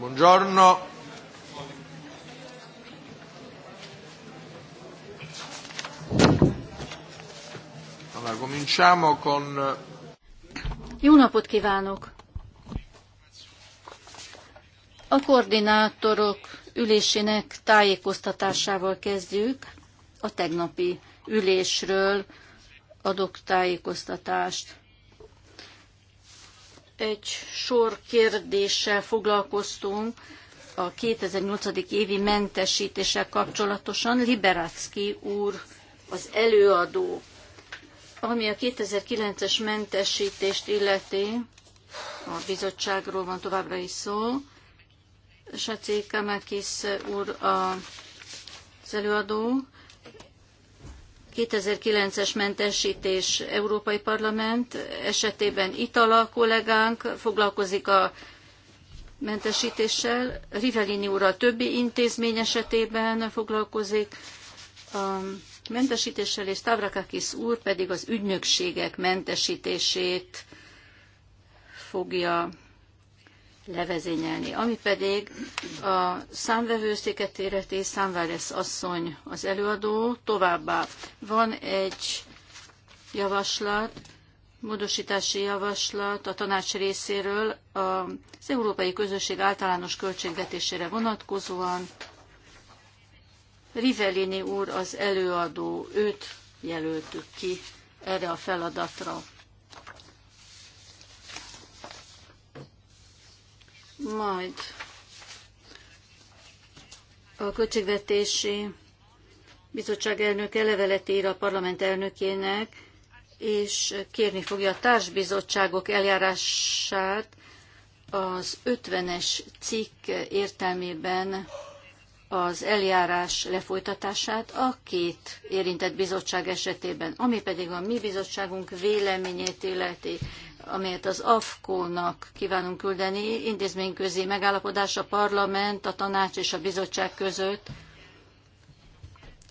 Buongiorno. Allora, cominciamo con... Eh, Jó napot kívánok! A koordinátorok ülésének tájékoztatásával kezdjük. A tegnapi ülésről adok tájékoztatást egy sor kérdéssel foglalkoztunk a 2008. évi mentesítéssel kapcsolatosan. Liberacki úr az előadó, ami a 2009-es mentesítést illeti, a bizottságról van továbbra is szó. Saci Kamakis úr az előadó, 2009-es mentesítés Európai Parlament esetében Itala kollégánk foglalkozik a mentesítéssel, Rivellini úr a többi intézmény esetében foglalkozik a mentesítéssel, és Tavrakakis úr pedig az ügynökségek mentesítését fogja levezényelni. Ami pedig a számvevőszéket éreti, Számváres asszony az előadó, továbbá van egy javaslat, módosítási javaslat a tanács részéről az Európai Közösség általános költségvetésére vonatkozóan. Rivellini úr az előadó, őt jelöltük ki erre a feladatra. majd a költségvetési bizottság elnöke levelet ír a parlament elnökének, és kérni fogja a társbizottságok eljárását az 50-es cikk értelmében az eljárás lefolytatását a két érintett bizottság esetében, ami pedig a mi bizottságunk véleményét illeti amelyet az AFKO-nak kívánunk küldeni, intézményközi megállapodás a parlament, a tanács és a bizottság között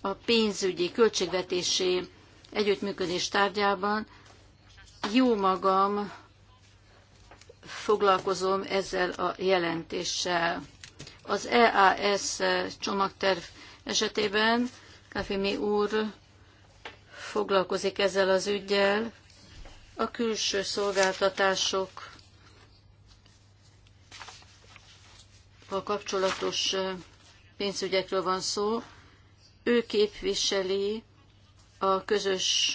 a pénzügyi költségvetési együttműködés tárgyában. Jó magam foglalkozom ezzel a jelentéssel. Az EAS csomagterv esetében Kafimi úr foglalkozik ezzel az ügyel, a külső szolgáltatások a kapcsolatos pénzügyekről van szó. Ő képviseli a közös,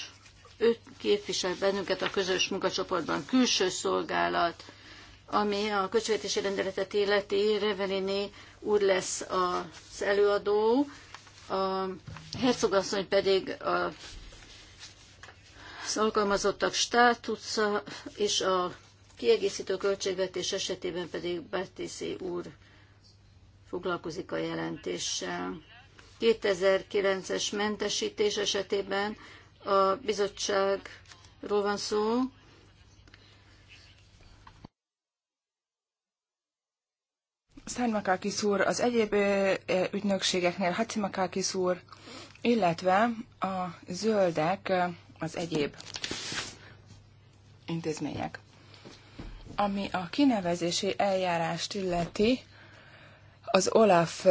ő képvisel bennünket a közös munkacsoportban külső szolgálat, ami a költségvetési rendeletet életi Revelini úr lesz az előadó, a hercogasszony pedig a az alkalmazottak státusza és a kiegészítő költségvetés esetében pedig Bertészi úr foglalkozik a jelentéssel. 2009-es mentesítés esetében a bizottságról van szó, Szármakákis úr, az egyéb ügynökségeknél Hacimakákis úr, illetve a zöldek az egyéb intézmények. Ami a kinevezési eljárást illeti, az OLAF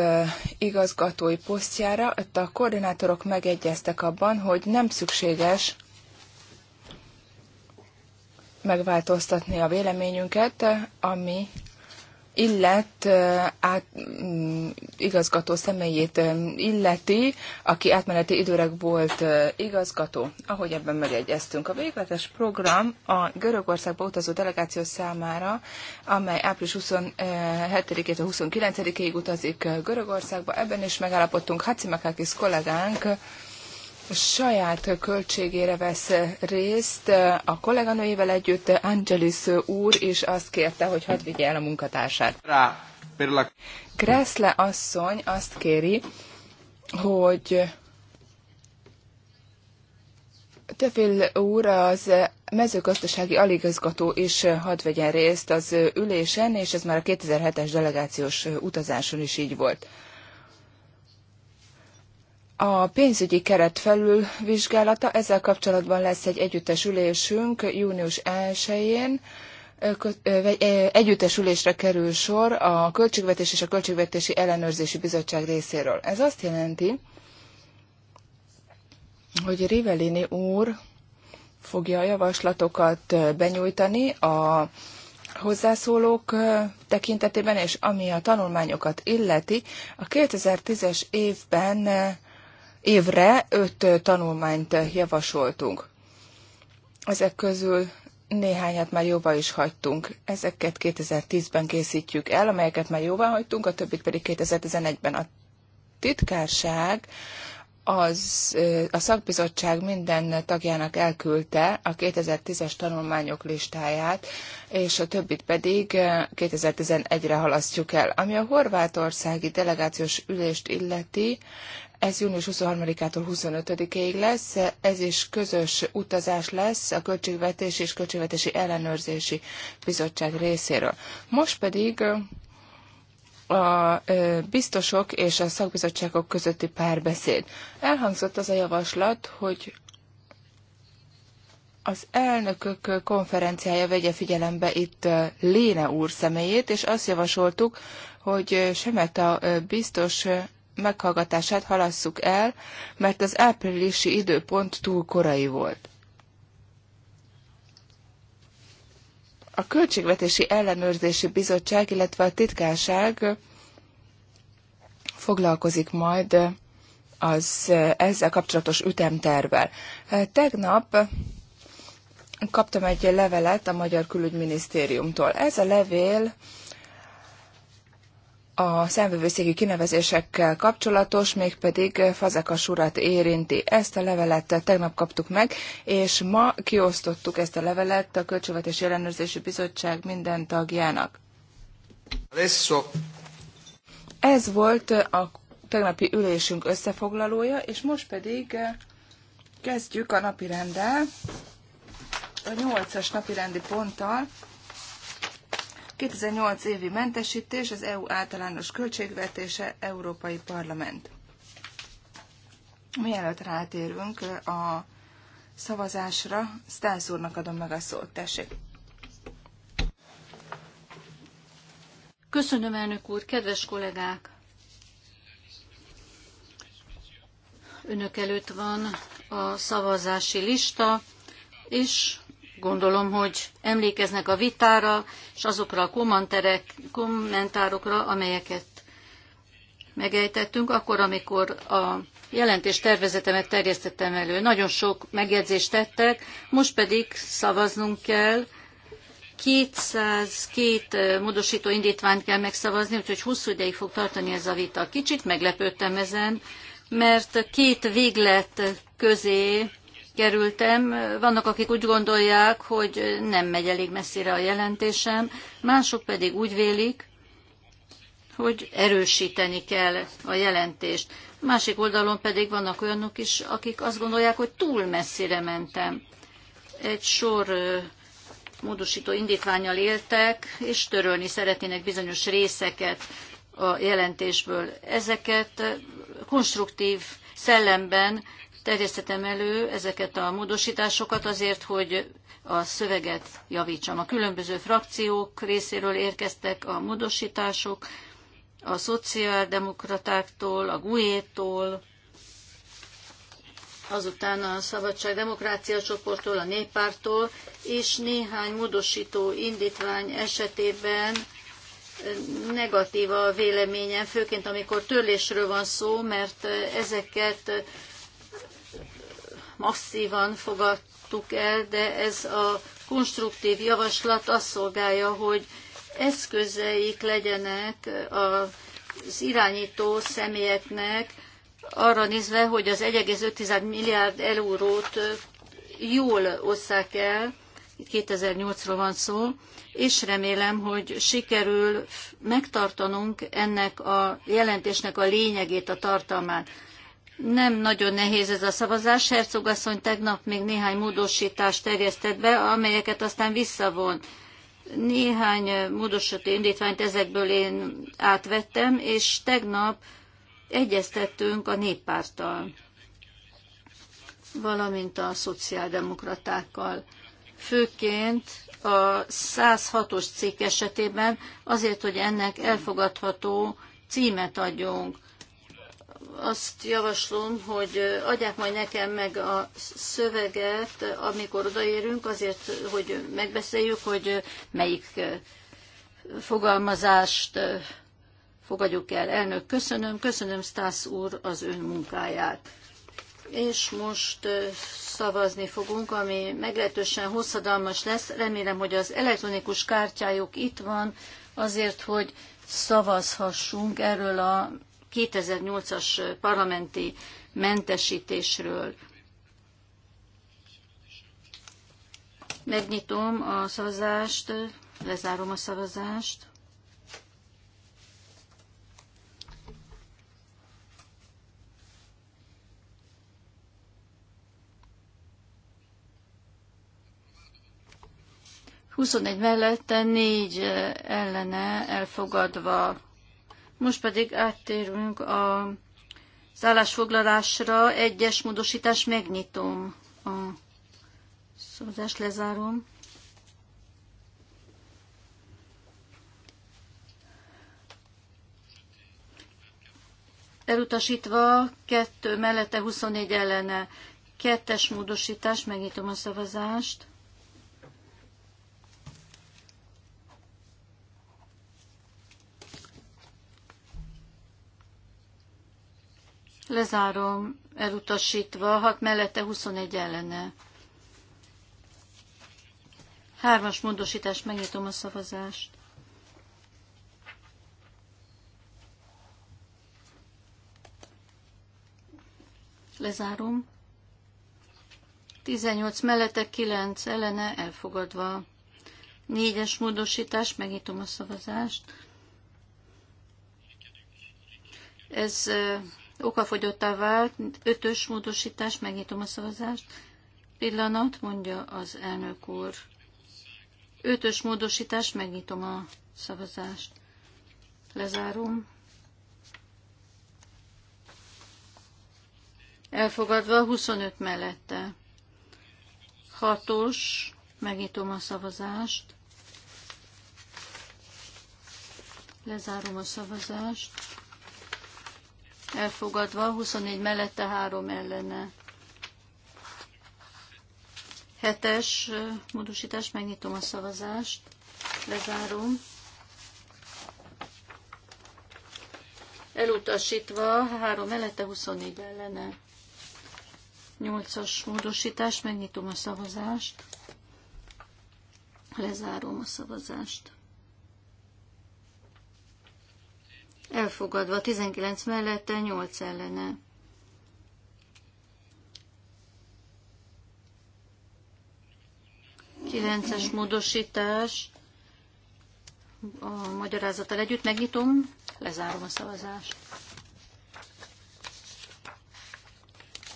igazgatói posztjára, ott a koordinátorok megegyeztek abban, hogy nem szükséges megváltoztatni a véleményünket, ami illet át, mm, igazgató személyét illeti, aki átmeneti időre volt igazgató. Ahogy ebben megegyeztünk, a végletes program a Görögországba utazó delegáció számára, amely április 27-től 29-ig utazik Görögországba, ebben is megállapodtunk Hacimakakis kollégánk, saját költségére vesz részt a kolléganőjével együtt. Angelis úr és azt kérte, hogy hadd vigye el a munkatársát. Kressle asszony azt kéri, hogy Tefél úr az mezőgazdasági aligazgató is hadd vegyen részt az ülésen, és ez már a 2007-es delegációs utazáson is így volt a pénzügyi keret felülvizsgálata, ezzel kapcsolatban lesz egy együttes ülésünk június 1-én, együttes ülésre kerül sor a Költségvetés és a Költségvetési Ellenőrzési Bizottság részéről. Ez azt jelenti, hogy Rivellini úr fogja a javaslatokat benyújtani a hozzászólók tekintetében, és ami a tanulmányokat illeti, a 2010-es évben évre öt tanulmányt javasoltunk. Ezek közül néhányat már jóvá is hagytunk. Ezeket 2010-ben készítjük el, amelyeket már jóvá hagytunk, a többit pedig 2011-ben. A titkárság az, a szakbizottság minden tagjának elküldte a 2010-es tanulmányok listáját, és a többit pedig 2011-re halasztjuk el. Ami a horvátországi delegációs ülést illeti, ez június 23-ától 25-ig lesz, ez is közös utazás lesz a Költségvetési és Költségvetési Ellenőrzési Bizottság részéről. Most pedig a biztosok és a szakbizottságok közötti párbeszéd. Elhangzott az a javaslat, hogy az elnökök konferenciája vegye figyelembe itt Léne úr személyét, és azt javasoltuk, hogy Semeta biztos meghallgatását halasszuk el, mert az áprilisi időpont túl korai volt. A Költségvetési Ellenőrzési Bizottság, illetve a titkárság foglalkozik majd az ezzel kapcsolatos ütemtervel. Tegnap kaptam egy levelet a Magyar Külügyminisztériumtól. Ez a levél a számvevőszéki kinevezésekkel kapcsolatos, mégpedig Fazekas urat érinti. Ezt a levelet tegnap kaptuk meg, és ma kiosztottuk ezt a levelet a Költségvetési Ellenőrzési Bizottság minden tagjának. Adesso. Ez volt a tegnapi ülésünk összefoglalója, és most pedig kezdjük a napirenddel, a nyolcas napirendi ponttal, 2008 évi mentesítés, az EU általános költségvetése, Európai Parlament. Mielőtt rátérünk a szavazásra, Stász úrnak adom meg a szót, tessék. Köszönöm, elnök úr, kedves kollégák! Önök előtt van a szavazási lista, és Gondolom, hogy emlékeznek a vitára, és azokra a kommentárokra, amelyeket megejtettünk, akkor, amikor a jelentés tervezetemet terjesztettem elő. Nagyon sok megjegyzést tettek, most pedig szavaznunk kell, 202 módosító indítványt kell megszavazni, úgyhogy hosszú ideig fog tartani ez a vita. Kicsit meglepődtem ezen, mert két véglet közé kerültem. Vannak, akik úgy gondolják, hogy nem megy elég messzire a jelentésem, mások pedig úgy vélik, hogy erősíteni kell a jelentést. Másik oldalon pedig vannak olyanok is, akik azt gondolják, hogy túl messzire mentem. Egy sor módosító indítványal éltek, és törölni szeretnének bizonyos részeket a jelentésből. Ezeket konstruktív szellemben terjesztettem elő ezeket a módosításokat azért, hogy a szöveget javítsam. A különböző frakciók részéről érkeztek a módosítások, a szociáldemokratáktól, a GUE-tól, azután a Szabadság Demokrácia csoporttól, a Néppártól, és néhány módosító indítvány esetében negatív a véleményem, főként amikor törlésről van szó, mert ezeket masszívan fogadtuk el, de ez a konstruktív javaslat azt szolgálja, hogy eszközeik legyenek az irányító személyeknek arra nézve, hogy az 1,5 milliárd eurót jól osszák el, 2008-ról van szó, és remélem, hogy sikerül megtartanunk ennek a jelentésnek a lényegét, a tartalmát nem nagyon nehéz ez a szavazás. Hercogasszony tegnap még néhány módosítást terjesztett be, amelyeket aztán visszavont. Néhány módosító indítványt ezekből én átvettem, és tegnap egyeztettünk a néppárttal, valamint a szociáldemokratákkal. Főként a 106-os cikk esetében azért, hogy ennek elfogadható címet adjunk azt javaslom, hogy adják majd nekem meg a szöveget, amikor odaérünk, azért, hogy megbeszéljük, hogy melyik fogalmazást fogadjuk el. Elnök, köszönöm, köszönöm Stász úr az ön munkáját. És most szavazni fogunk, ami meglehetősen hosszadalmas lesz. Remélem, hogy az elektronikus kártyájuk itt van, azért, hogy szavazhassunk erről a 2008-as parlamenti mentesítésről. Megnyitom a szavazást, lezárom a szavazást. Huszonegy mellette, négy ellene elfogadva most pedig áttérünk a az Egyes módosítás megnyitom. A szózást lezárom. Elutasítva kettő mellette 24 ellene. Kettes módosítás, megnyitom a szavazást. Lezárom, elutasítva, hat mellette, 21 ellene. Hármas módosítás, megnyitom a szavazást. Lezárom. 18 mellette, 9 ellene, elfogadva. Négyes módosítás, megnyitom a szavazást. Ez okafogyottá vált, ötös módosítás, megnyitom a szavazást. Pillanat, mondja az elnök úr. Ötös módosítás, megnyitom a szavazást. Lezárom. Elfogadva 25 mellette. Hatos, megnyitom a szavazást. Lezárom a szavazást elfogadva, 24 mellette, 3 ellene. Hetes módosítás, megnyitom a szavazást, lezárom. Elutasítva, 3 mellette, 24 ellene. Nyolcas módosítás, megnyitom a szavazást, lezárom a szavazást. elfogadva 19 mellette, 8 ellene. Kilences módosítás a magyarázattal együtt megnyitom, lezárom a szavazást.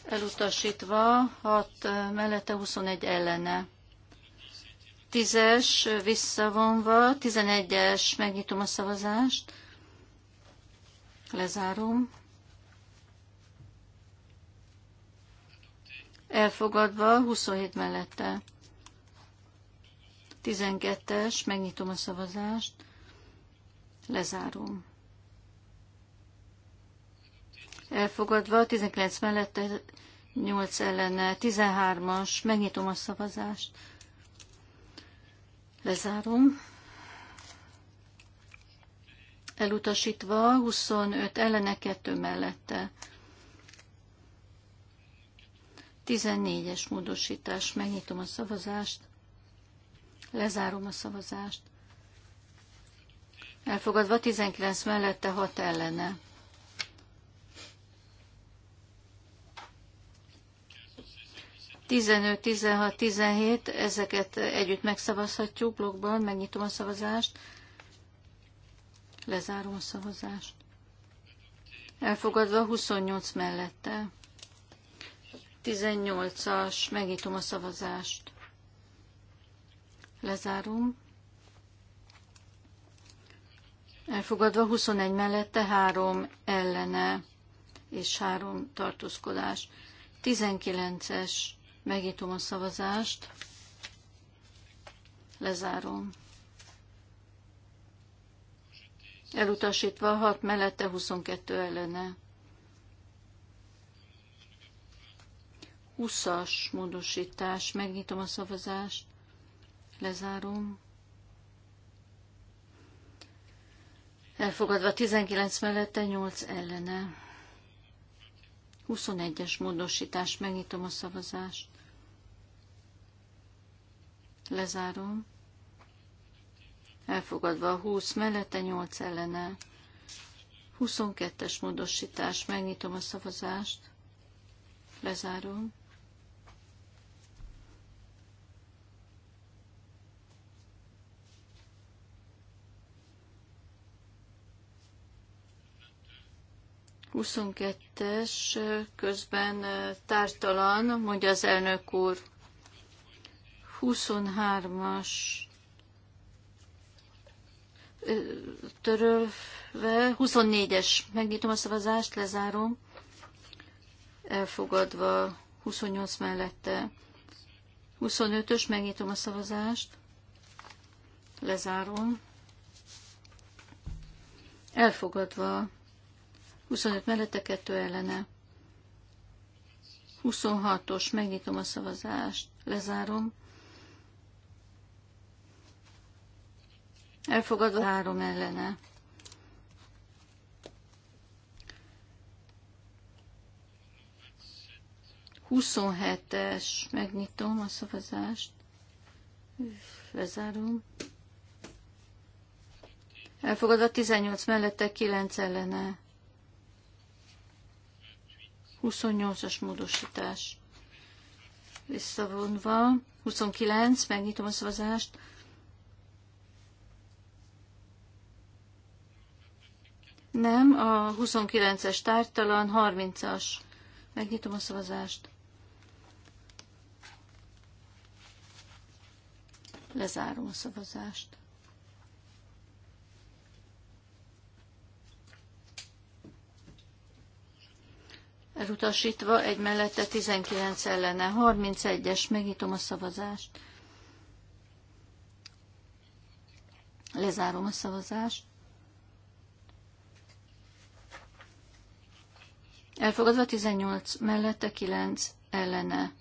Elutasítva 6 mellette 21 ellene. 10-es visszavonva, 11-es megnyitom a szavazást. Lezárom. Elfogadva, 27 mellette. 12-es, megnyitom a szavazást. Lezárom. Elfogadva, 19 mellette, 8 ellene, 13-as, megnyitom a szavazást. Lezárom elutasítva, 25 ellene, 2 mellette. 14-es módosítás, megnyitom a szavazást, lezárom a szavazást. Elfogadva 19 mellette, 6 ellene. 15, 16, 17, ezeket együtt megszavazhatjuk blogban, megnyitom a szavazást, Lezárom a szavazást. Elfogadva 28 mellette. 18-as, megnyitom a szavazást. Lezárom. Elfogadva 21 mellette, 3 ellene és 3 tartózkodás. 19-es, megnyitom a szavazást. Lezárom elutasítva hat mellette 22 ellene. 20-as módosítás, megnyitom a szavazást, lezárom. Elfogadva 19 mellette 8 ellene. 21-es módosítás, megnyitom a szavazást. Lezárom elfogadva 20 mellette, 8 ellene. 22-es módosítás, megnyitom a szavazást, lezárom. Huszonkettes közben tártalan, mondja az elnök úr. 23-as törölve. 24-es, megnyitom a szavazást, lezárom. Elfogadva 28 mellette. 25-ös, megnyitom a szavazást. Lezárom. Elfogadva 25 mellette, 2 ellene. 26-os, megnyitom a szavazást. Lezárom. elfogadva három ellene. Huszonhetes, megnyitom a szavazást, lezárom. Elfogadva 18 mellette, 9 ellene. 28-as módosítás. Visszavonva. 29, megnyitom a szavazást, Nem, a 29-es tártalan, 30-as. Megnyitom a szavazást. Lezárom a szavazást. Elutasítva egy mellette 19 ellene. 31-es, megnyitom a szavazást. Lezárom a szavazást. Elfogadva 18 mellette, 9 ellene.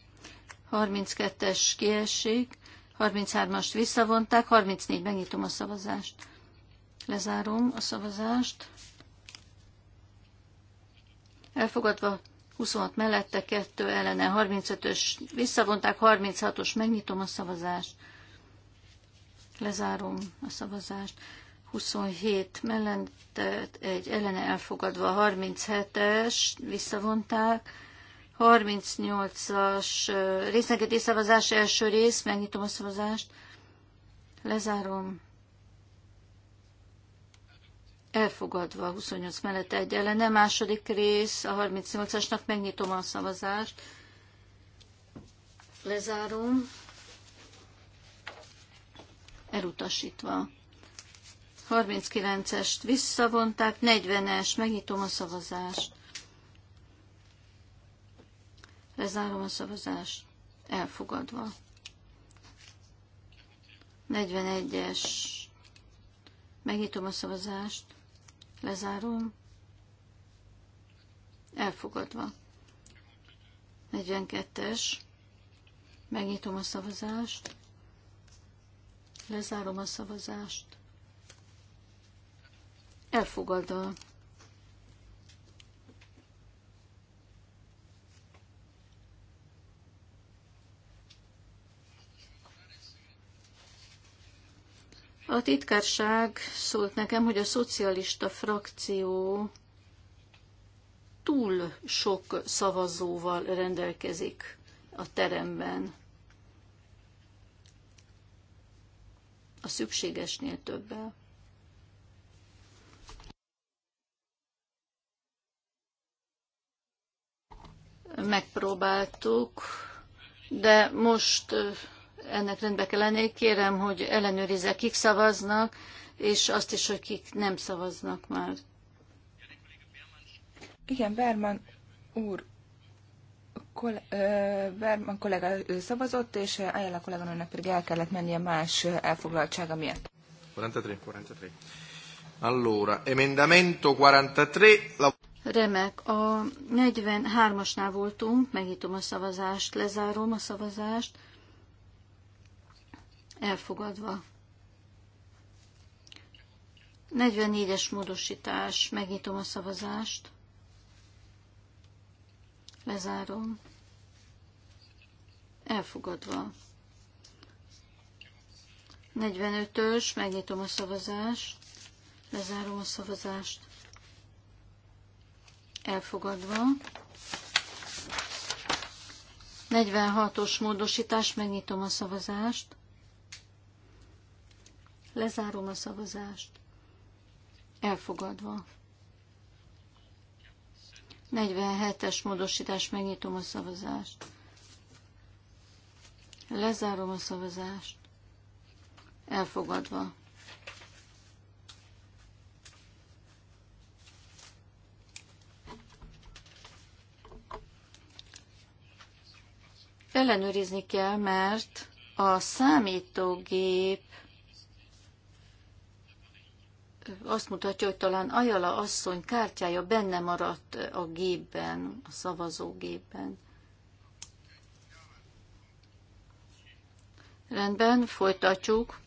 32-es kiesik, 33-ast visszavonták, 34 megnyitom a szavazást. Lezárom a szavazást. Elfogadva 26 mellette, 2 ellene, 35-ös visszavonták, 36-os megnyitom a szavazást. Lezárom a szavazást. 27 mellett egy ellene elfogadva 37-es visszavonták, 38-as résznegeti szavazás első rész, megnyitom a szavazást, lezárom, elfogadva 28 mellett egy ellene, második rész a 38-asnak, megnyitom a szavazást, lezárom, elutasítva. 39-est visszavonták, 40-es, megnyitom a szavazást. Lezárom a szavazást. Elfogadva. 41-es. Megnyitom a szavazást. Lezárom. Elfogadva. 42-es. Megnyitom a szavazást. Lezárom a szavazást elfogadva. A titkárság szólt nekem, hogy a szocialista frakció túl sok szavazóval rendelkezik a teremben. A szükségesnél többel. megpróbáltuk, de most ennek rendbe kell lenni. Kérem, hogy ellenőrizze, kik szavaznak, és azt is, hogy kik nem szavaznak már. Igen, Berman úr, Berman kollega szavazott, és Ayala kolléganőnek pedig el kellett mennie más elfoglaltsága miatt. 43, 43. Allora, emendamento 43. La... Remek, a 43-asnál voltunk, megnyitom a szavazást, lezárom a szavazást, elfogadva. 44-es módosítás, megnyitom a szavazást, lezárom, elfogadva. 45-ös, megnyitom a szavazást, lezárom a szavazást, elfogadva. 46-os módosítás, megnyitom a szavazást. Lezárom a szavazást. Elfogadva. 47-es módosítás, megnyitom a szavazást. Lezárom a szavazást. Elfogadva. ellenőrizni kell, mert a számítógép azt mutatja, hogy talán Ajala asszony kártyája benne maradt a gépben, a szavazógépben. Rendben, folytatjuk.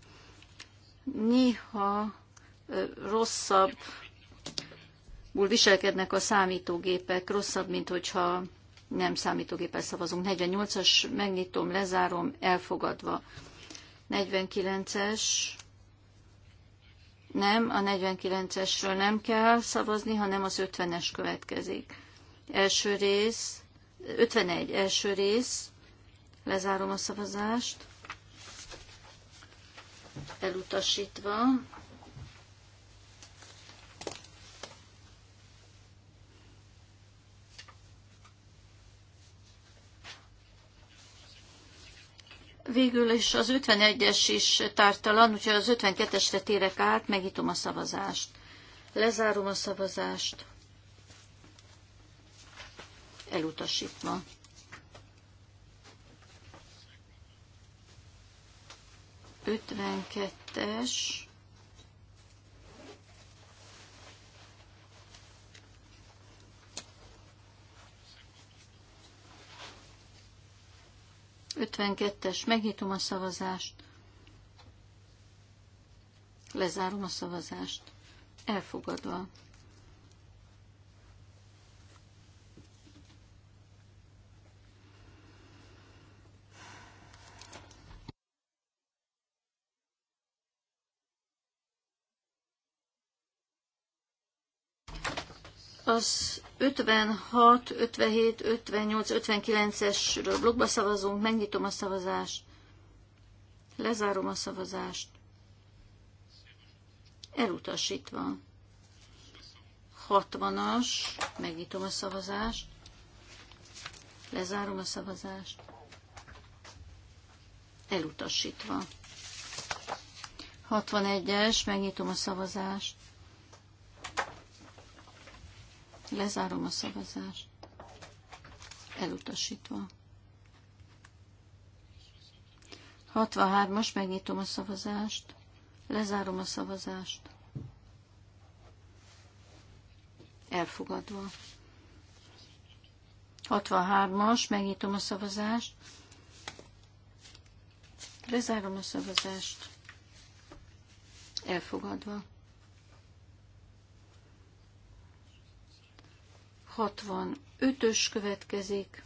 Néha rosszabb viselkednek a számítógépek, rosszabb, mint hogyha nem számítógépes szavazunk. 48-as, megnyitom, lezárom, elfogadva. 49-es, nem, a 49-esről nem kell szavazni, hanem az 50-es következik. Első rész, 51, első rész, lezárom a szavazást, elutasítva, Végül is az 51-es is tártalan, úgyhogy az 52-esre térek át, megítom a szavazást. Lezárom a szavazást. Elutasítva. Ötvenkettes. 52-es, megnyitom a szavazást, lezárom a szavazást, elfogadva. az 56, 57, 58, 59-esről blokkba szavazunk, megnyitom a szavazást, lezárom a szavazást, elutasítva. 60-as, megnyitom a szavazást, lezárom a szavazást, elutasítva. 61-es, megnyitom a szavazást, Lezárom a szavazást. Elutasítva. 63 Most megnyitom a szavazást. Lezárom a szavazást. Elfogadva. 63-as, megnyitom a szavazást. Lezárom a szavazást. Elfogadva. 65-ös következik.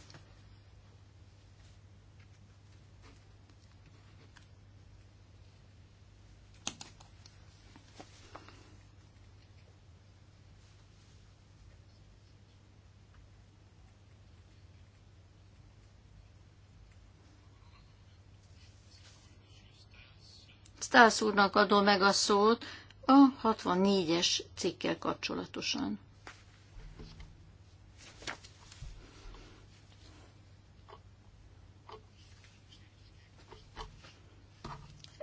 Stász úrnak adom meg a szót a 64-es cikkel kapcsolatosan.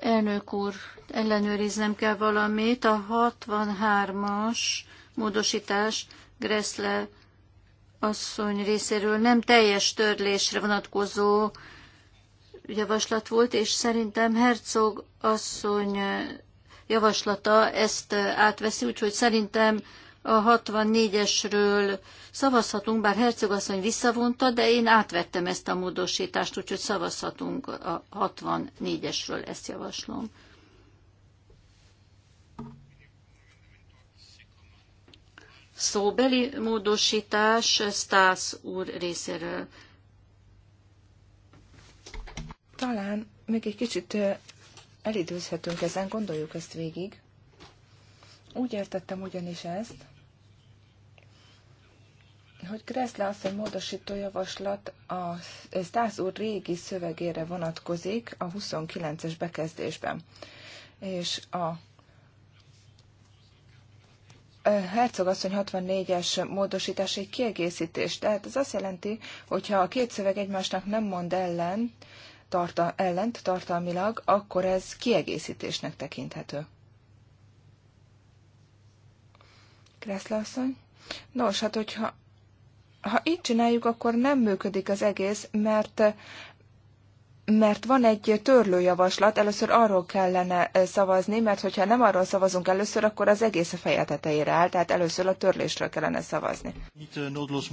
Elnök úr, ellenőriznem kell valamit. A 63-as módosítás Gressle asszony részéről nem teljes törlésre vonatkozó javaslat volt, és szerintem Herzog asszony javaslata ezt átveszi, úgyhogy szerintem a 64-esről szavazhatunk, bár hercegasszony visszavonta, de én átvettem ezt a módosítást, úgyhogy szavazhatunk a 64-esről, ezt javaslom. Szóbeli módosítás Stász úr részéről. Talán még egy kicsit elidőzhetünk ezen, gondoljuk ezt végig. Úgy értettem ugyanis ezt, hogy Gressle asszony módosító javaslat a Stász úr régi szövegére vonatkozik a 29-es bekezdésben. És a Herzog asszony 64-es módosítás egy kiegészítés. Tehát ez azt jelenti, hogyha a két szöveg egymásnak nem mond ellen, tarta, ellent tartalmilag, akkor ez kiegészítésnek tekinthető. Kresszle asszony? Nos, hát hogyha ha így csináljuk, akkor nem működik az egész, mert mert van egy törlőjavaslat, először arról kellene szavazni, mert hogyha nem arról szavazunk először, akkor az egész a feje tetejére áll, tehát először a törlésről kellene szavazni. Niet noodloos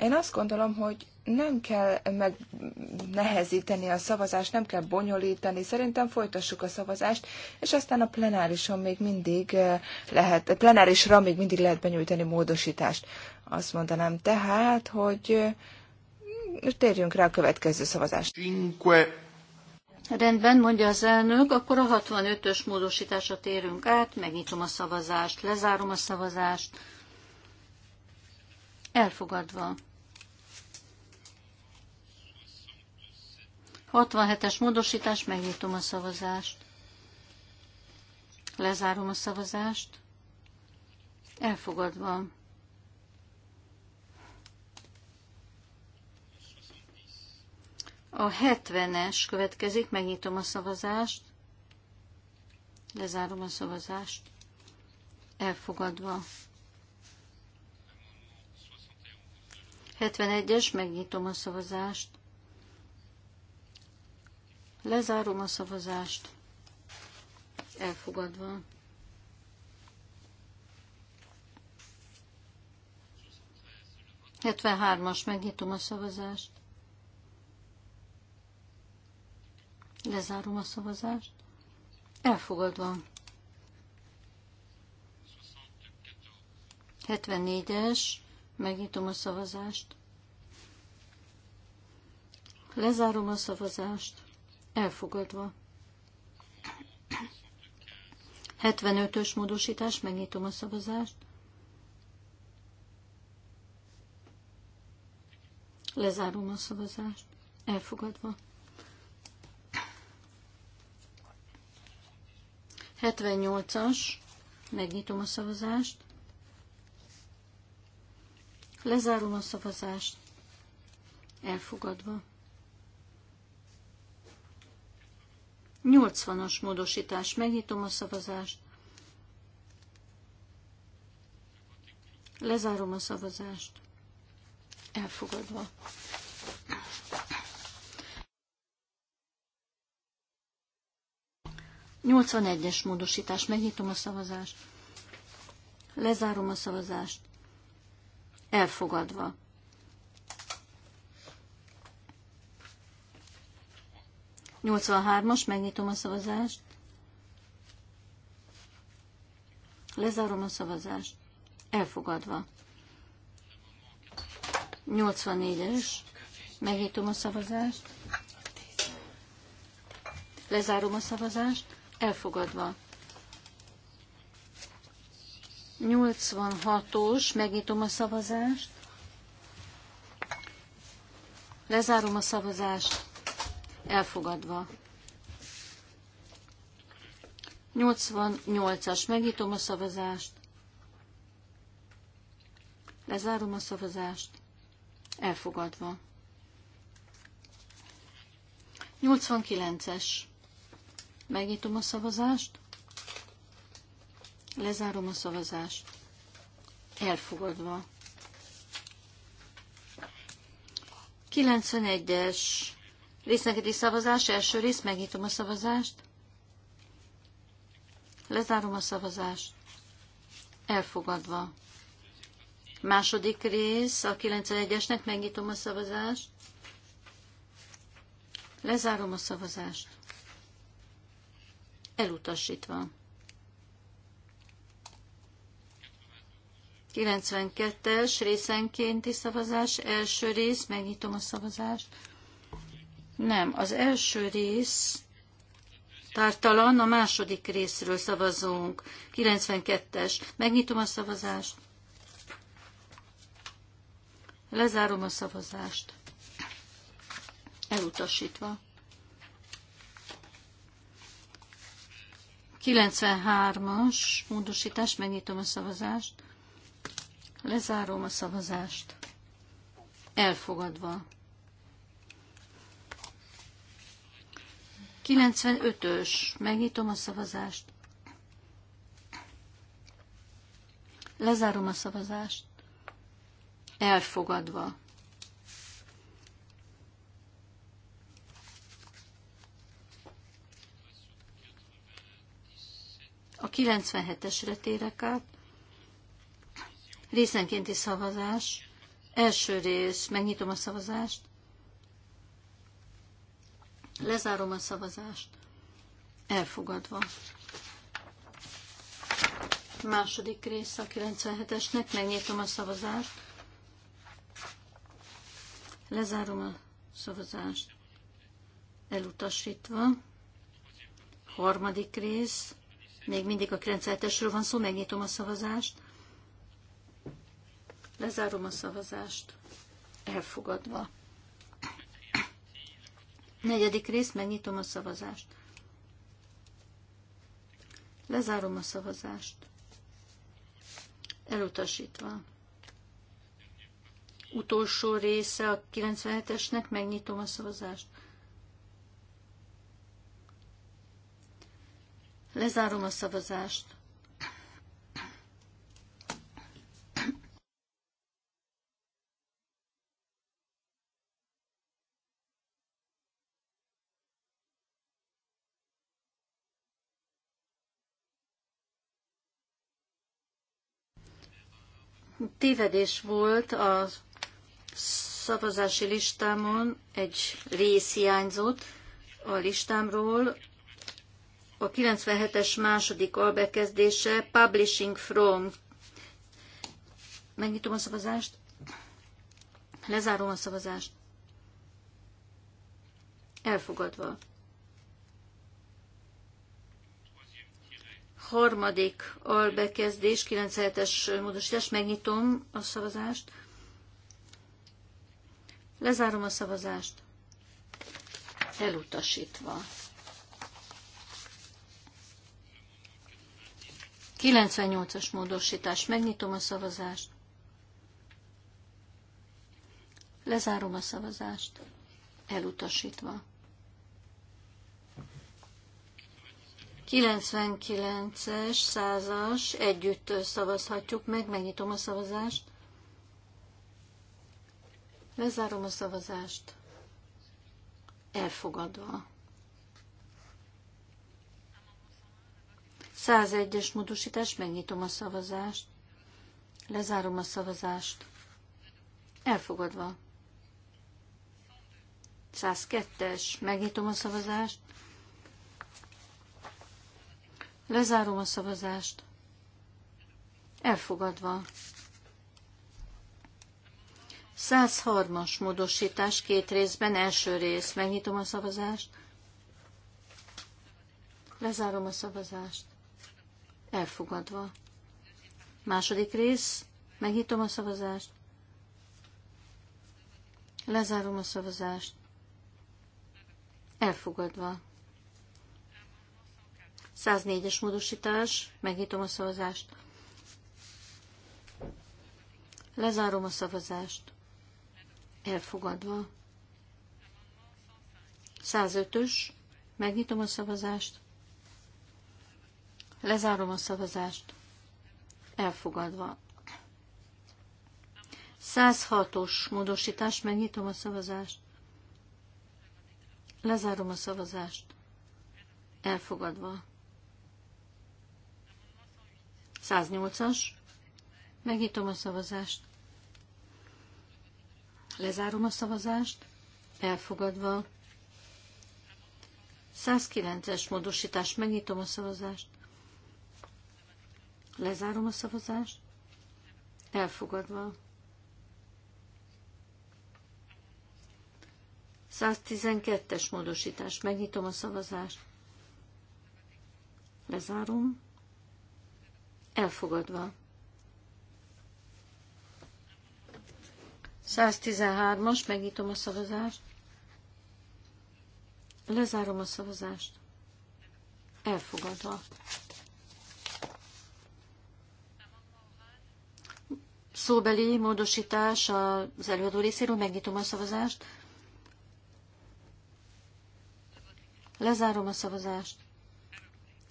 én azt gondolom, hogy nem kell meg nehezíteni a szavazást, nem kell bonyolítani. Szerintem folytassuk a szavazást, és aztán a plenárison még mindig eh, lehet, a plenárisra még mindig lehet benyújtani módosítást. Azt mondanám tehát, hogy eh, térjünk rá a következő szavazást. Cinque. Rendben, mondja az elnök, akkor a 65-ös módosításra térünk át, megnyitom a szavazást, lezárom a szavazást. Elfogadva. 67-es módosítás, megnyitom a szavazást. Lezárom a szavazást. Elfogadva. 70-es következik, megnyitom a szavazást, lezárom a szavazást, elfogadva. 71-es, megnyitom a szavazást. Lezárom a szavazást. Elfogadva. hármas, megnyitom a szavazást. Lezárom a szavazást. Elfogadva. 74-es, Megnyitom a szavazást. Lezárom a szavazást. Elfogadva. 75-ös módosítás, megnyitom a szavazást. Lezárom a szavazást. Elfogadva. 78-as, megnyitom a szavazást. Lezárom a szavazást. Elfogadva. 80-as módosítás. Megnyitom a szavazást. Lezárom a szavazást. Elfogadva. Nyolcvanegyes módosítás. Megnyitom a szavazást. Lezárom a szavazást elfogadva. Nyolcvanhármas, megnyitom a szavazást. Lezárom a szavazást. Elfogadva. 84-es. Megnyitom a szavazást. Lezárom a szavazást. Elfogadva. 86-os, megnyitom a szavazást. Lezárom a szavazást. Elfogadva. 88-as, megnyitom a szavazást. Lezárom a szavazást. Elfogadva. 89-es. Megnyitom a szavazást. Lezárom a szavazást. Elfogadva. 91-es részneketi szavazás, első rész, megnyitom a szavazást. Lezárom a szavazást. Elfogadva. Második rész, a 91-esnek megnyitom a szavazást. Lezárom a szavazást. Elutasítva. 92-es részenkénti szavazás, első rész, megnyitom a szavazást. Nem, az első rész tártalan, a második részről szavazunk. 92-es. Megnyitom a szavazást. Lezárom a szavazást. Elutasítva. 93-as módosítás, megnyitom a szavazást. Lezárom a szavazást. Elfogadva. 95-ös. Megnyitom a szavazást. Lezárom a szavazást. Elfogadva. A 97-esre térek át. Részenkénti szavazás. Első rész. Megnyitom a szavazást. Lezárom a szavazást. Elfogadva. Második rész a 97-esnek. Megnyitom a szavazást. Lezárom a szavazást. Elutasítva. Harmadik rész. Még mindig a 97-esről van szó. Megnyitom a szavazást. Lezárom a szavazást. Elfogadva. Negyedik rész, megnyitom a szavazást. Lezárom a szavazást. Elutasítva. Utolsó része a 97-esnek, megnyitom a szavazást. Lezárom a szavazást. tévedés volt a szavazási listámon, egy rész hiányzott a listámról. A 97-es második albekezdése Publishing From. Megnyitom a szavazást. Lezárom a szavazást. Elfogadva. harmadik albekezdés, 97-es módosítás, megnyitom a szavazást. Lezárom a szavazást. Elutasítva. 98-as módosítás. Megnyitom a szavazást. Lezárom a szavazást. Elutasítva. 99-es, 100-as együtt szavazhatjuk meg. Megnyitom a szavazást. Lezárom a szavazást. Elfogadva. 101-es módosítás, megnyitom a szavazást. Lezárom a szavazást. Elfogadva. 102-es, megnyitom a szavazást. Lezárom a szavazást. Elfogadva. 103-as módosítás két részben, első rész. Megnyitom a szavazást. Lezárom a szavazást. Elfogadva. Második rész. Megnyitom a szavazást. Lezárom a szavazást. Elfogadva. 104-es módosítás, megnyitom a szavazást. Lezárom a szavazást. Elfogadva. 105-ös, megnyitom a szavazást. Lezárom a szavazást. Elfogadva. 106-os módosítás, megnyitom a szavazást. Lezárom a szavazást. Elfogadva. 108-as. Megnyitom a szavazást. Lezárom a szavazást. Elfogadva. 109-es módosítás. Megnyitom a szavazást. Lezárom a szavazást. Elfogadva. 112-es módosítás. Megnyitom a szavazást. Lezárom. Elfogadva. 113-as, megnyitom a szavazást. Lezárom a szavazást. Elfogadva. Szóbeli módosítás az előadó részéről, megnyitom a szavazást. Lezárom a szavazást.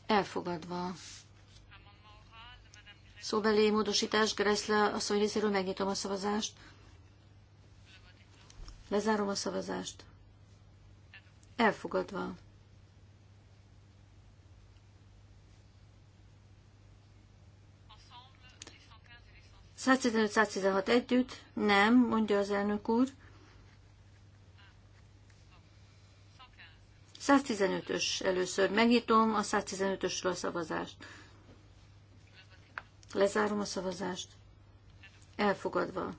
Elfogadva szóbeli módosítás Gressle asszony részéről megnyitom a szavazást. Lezárom a szavazást. Elfogadva. ...115-116 együtt? Nem, mondja az elnök úr. 115-ös először. Megnyitom a 115-ösről a szavazást. Lezárom a szavazást. Elfogadva.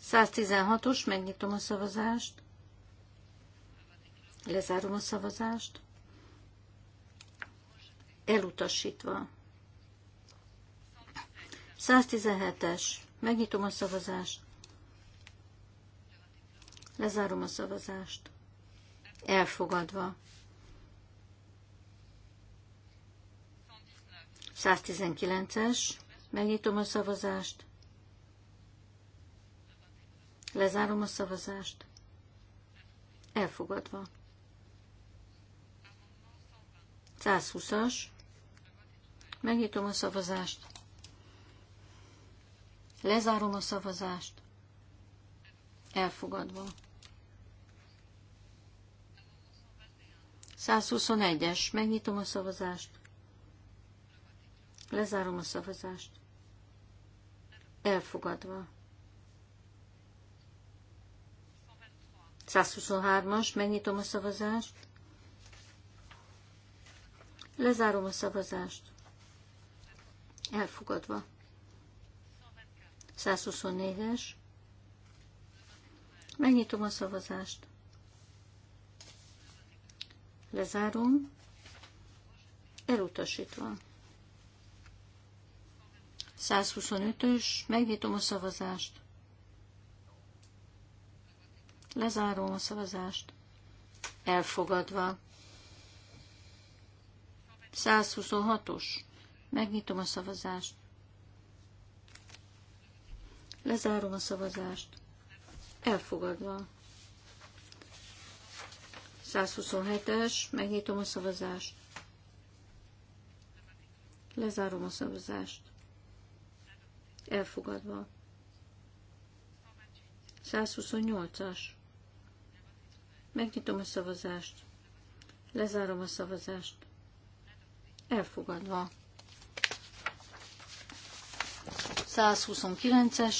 Száztizenhatos, megnyitom a szavazást. Lezárom a szavazást. Elutasítva. 117-es. Megnyitom a szavazást. Lezárom a szavazást elfogadva. 119-es, megnyitom a szavazást, lezárom a szavazást, elfogadva. 120-as, megnyitom a szavazást, lezárom a szavazást, elfogadva. 121-es. Megnyitom a szavazást. Lezárom a szavazást. Elfogadva. 123-as. Megnyitom a szavazást. Lezárom a szavazást. Elfogadva. 124-es. Megnyitom a szavazást. Lezárom. Elutasítva. 125-ös. Megnyitom a szavazást. Lezárom a szavazást. Elfogadva. 126-os. Megnyitom a szavazást. Lezárom a szavazást. Elfogadva. 127-es, megnyitom a szavazást. Lezárom a szavazást. Elfogadva. 128-as. Megnyitom a szavazást. Lezárom a szavazást. Elfogadva. 129-es.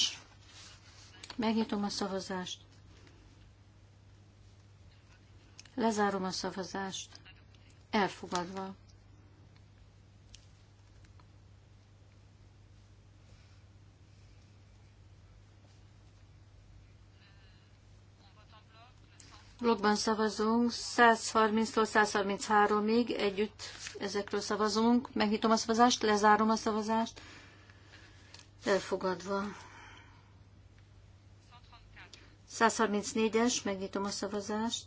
Megnyitom a szavazást. Lezárom a szavazást. Elfogadva. Blogban szavazunk, 130-tól 133-ig együtt ezekről szavazunk. Megnyitom a szavazást, lezárom a szavazást. Elfogadva. 134-es, megnyitom a szavazást.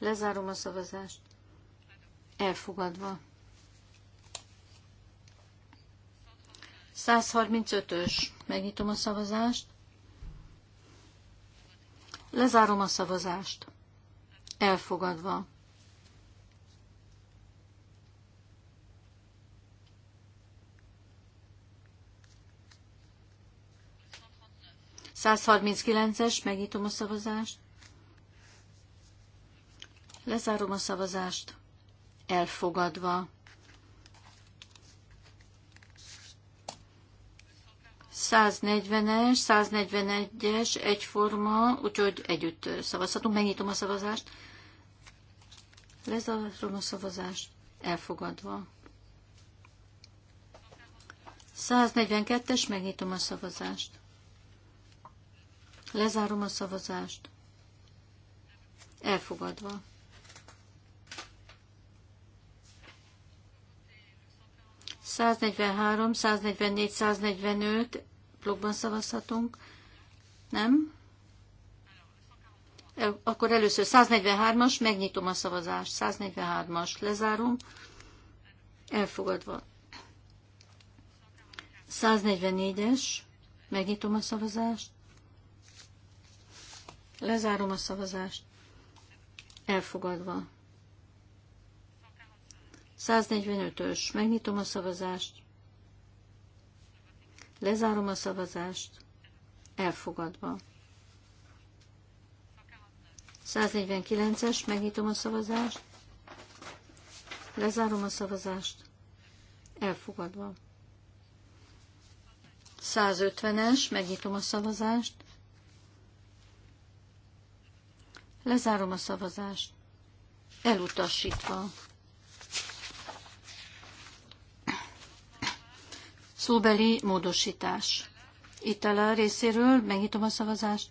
Lezárom a szavazást. Elfogadva. 135-ös. Megnyitom a szavazást. Lezárom a szavazást. Elfogadva. 139-es. megnyitom a szavazást. Lezárom a szavazást. Elfogadva. 140-es, 141-es egyforma, úgyhogy együtt szavazhatunk. Megnyitom a szavazást. Lezárom a szavazást. Elfogadva. 142-es, megnyitom a szavazást. Lezárom a szavazást. Elfogadva. 143, 144, 145 blogban szavazhatunk. Nem? E, akkor először 143-as, megnyitom a szavazást. 143-as, lezárom. Elfogadva. 144-es, megnyitom a szavazást. Lezárom a szavazást. Elfogadva. 145-ös. Megnyitom a szavazást. Lezárom a szavazást. Elfogadva. 149-es. Megnyitom a szavazást. Lezárom a szavazást. Elfogadva. 150-es. Megnyitom a szavazást. Lezárom a szavazást. Elutasítva. Szóbeli módosítás. Itt a részéről megnyitom a szavazást.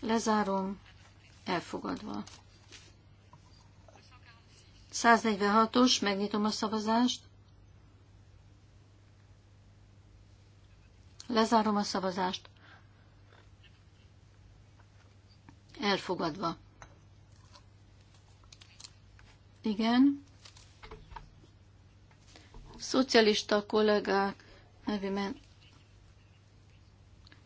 Lezárom. Elfogadva. 146-os, megnyitom a szavazást. Lezárom a szavazást. Elfogadva. Igen szocialista kollégák nevében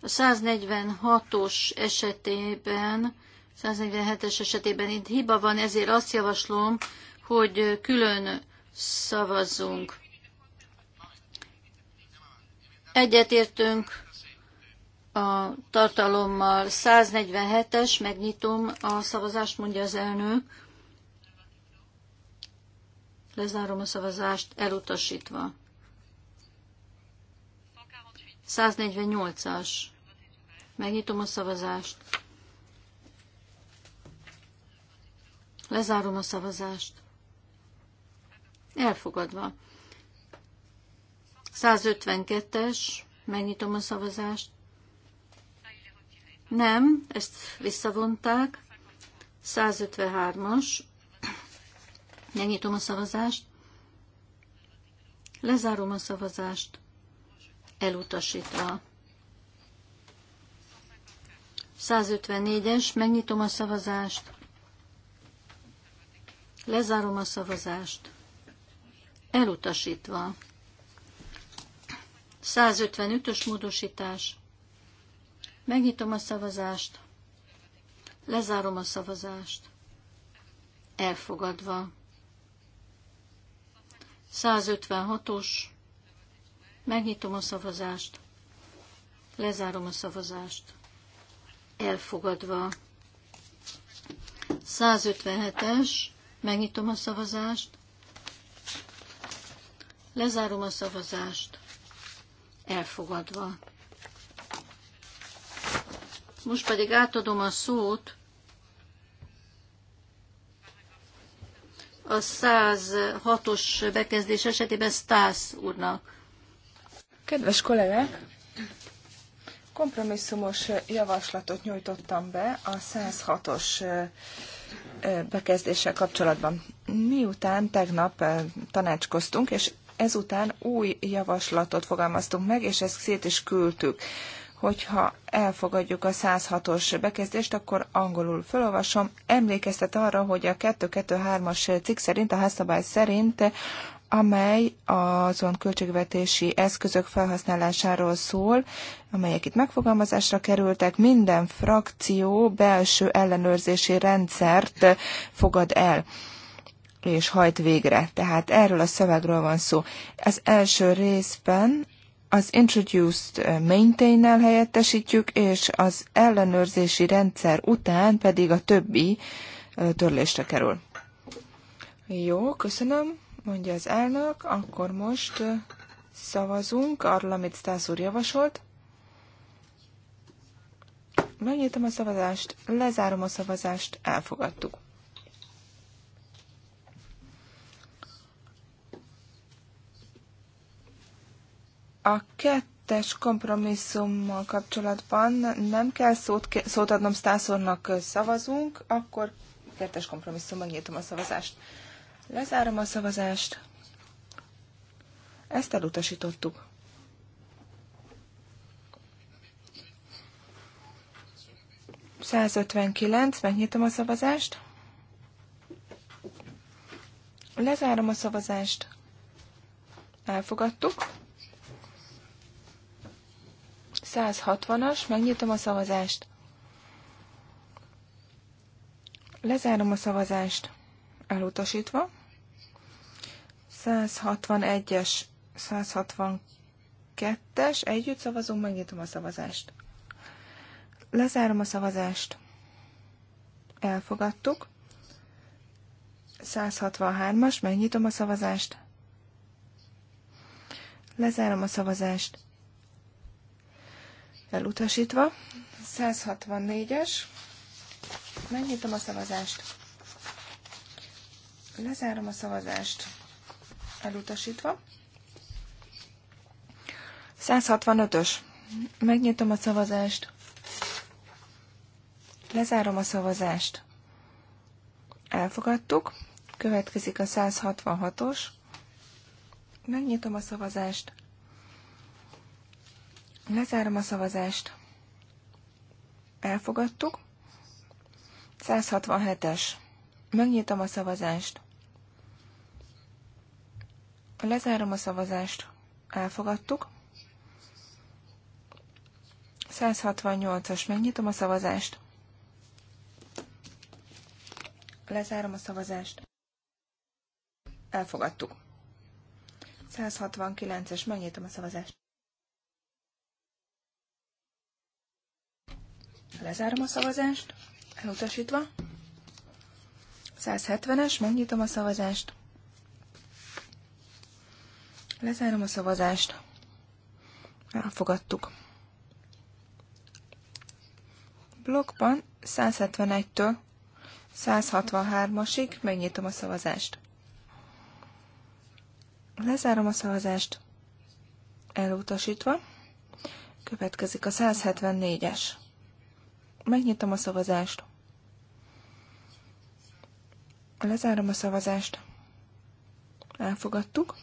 a 146-os esetében, 147-es esetében itt hiba van, ezért azt javaslom, hogy külön szavazzunk. Egyetértünk a tartalommal. 147-es, megnyitom a szavazást, mondja az elnök. Lezárom a szavazást, elutasítva. 148-as. Megnyitom a szavazást. Lezárom a szavazást. Elfogadva. 152-es. Megnyitom a szavazást. Nem, ezt visszavonták. 153-as. Megnyitom a szavazást. Lezárom a szavazást. Elutasítva. 154-es, megnyitom a szavazást. Lezárom a szavazást. Elutasítva. 155-ös módosítás. Megnyitom a szavazást. Lezárom a szavazást. Elfogadva. 156-os. Megnyitom a szavazást. Lezárom a szavazást. Elfogadva. 157-es. Megnyitom a szavazást. Lezárom a szavazást. Elfogadva. Most pedig átadom a szót a 106-os bekezdés esetében Stász úrnak. Kedves kollégák, kompromisszumos javaslatot nyújtottam be a 106-os bekezdéssel kapcsolatban. Miután tegnap tanácskoztunk, és ezután új javaslatot fogalmaztunk meg, és ezt szét is küldtük hogyha elfogadjuk a 106-os bekezdést, akkor angolul felolvasom. Emlékeztet arra, hogy a 223-as cikk szerint, a házszabály szerint, amely azon költségvetési eszközök felhasználásáról szól, amelyek itt megfogalmazásra kerültek, minden frakció belső ellenőrzési rendszert fogad el és hajt végre. Tehát erről a szövegről van szó. Az első részben az introduced maintain-nel helyettesítjük, és az ellenőrzési rendszer után pedig a többi törlésre kerül. Jó, köszönöm, mondja az elnök. Akkor most szavazunk arról, amit Stász úr javasolt. Megnyitom a szavazást, lezárom a szavazást, elfogadtuk. A kettes kompromisszummal kapcsolatban nem kell szót, szót adnom Stászornak, szavazunk, akkor kettes kompromisszum, nyitom a szavazást. Lezárom a szavazást. Ezt elutasítottuk. Százötvenkilenc, megnyitom a szavazást. Lezárom a szavazást. Elfogadtuk. 160-as, megnyitom a szavazást. Lezárom a szavazást, elutasítva. 161-es, 162-es, együtt szavazom, megnyitom a szavazást. Lezárom a szavazást. Elfogadtuk. 163-as, megnyitom a szavazást. Lezárom a szavazást elutasítva. 164-es, megnyitom a szavazást, lezárom a szavazást, elutasítva. 165-ös, megnyitom a szavazást, lezárom a szavazást, elfogadtuk. Következik a 166-os. Megnyitom a szavazást. Lezárom a szavazást. Elfogadtuk. 167-es. Megnyitom a szavazást. Lezárom a szavazást. Elfogadtuk. 168-as. Megnyitom a szavazást. Lezárom a szavazást. Elfogadtuk. 169-es. Megnyitom a szavazást. Lezárom a szavazást. Elutasítva. 170-es, megnyitom a szavazást. Lezárom a szavazást. Elfogadtuk. Blokkban 171-től 163-asig megnyitom a szavazást. Lezárom a szavazást. Elutasítva. Következik a 174-es. Megnyitom a szavazást. Lezárom a szavazást. Elfogadtuk.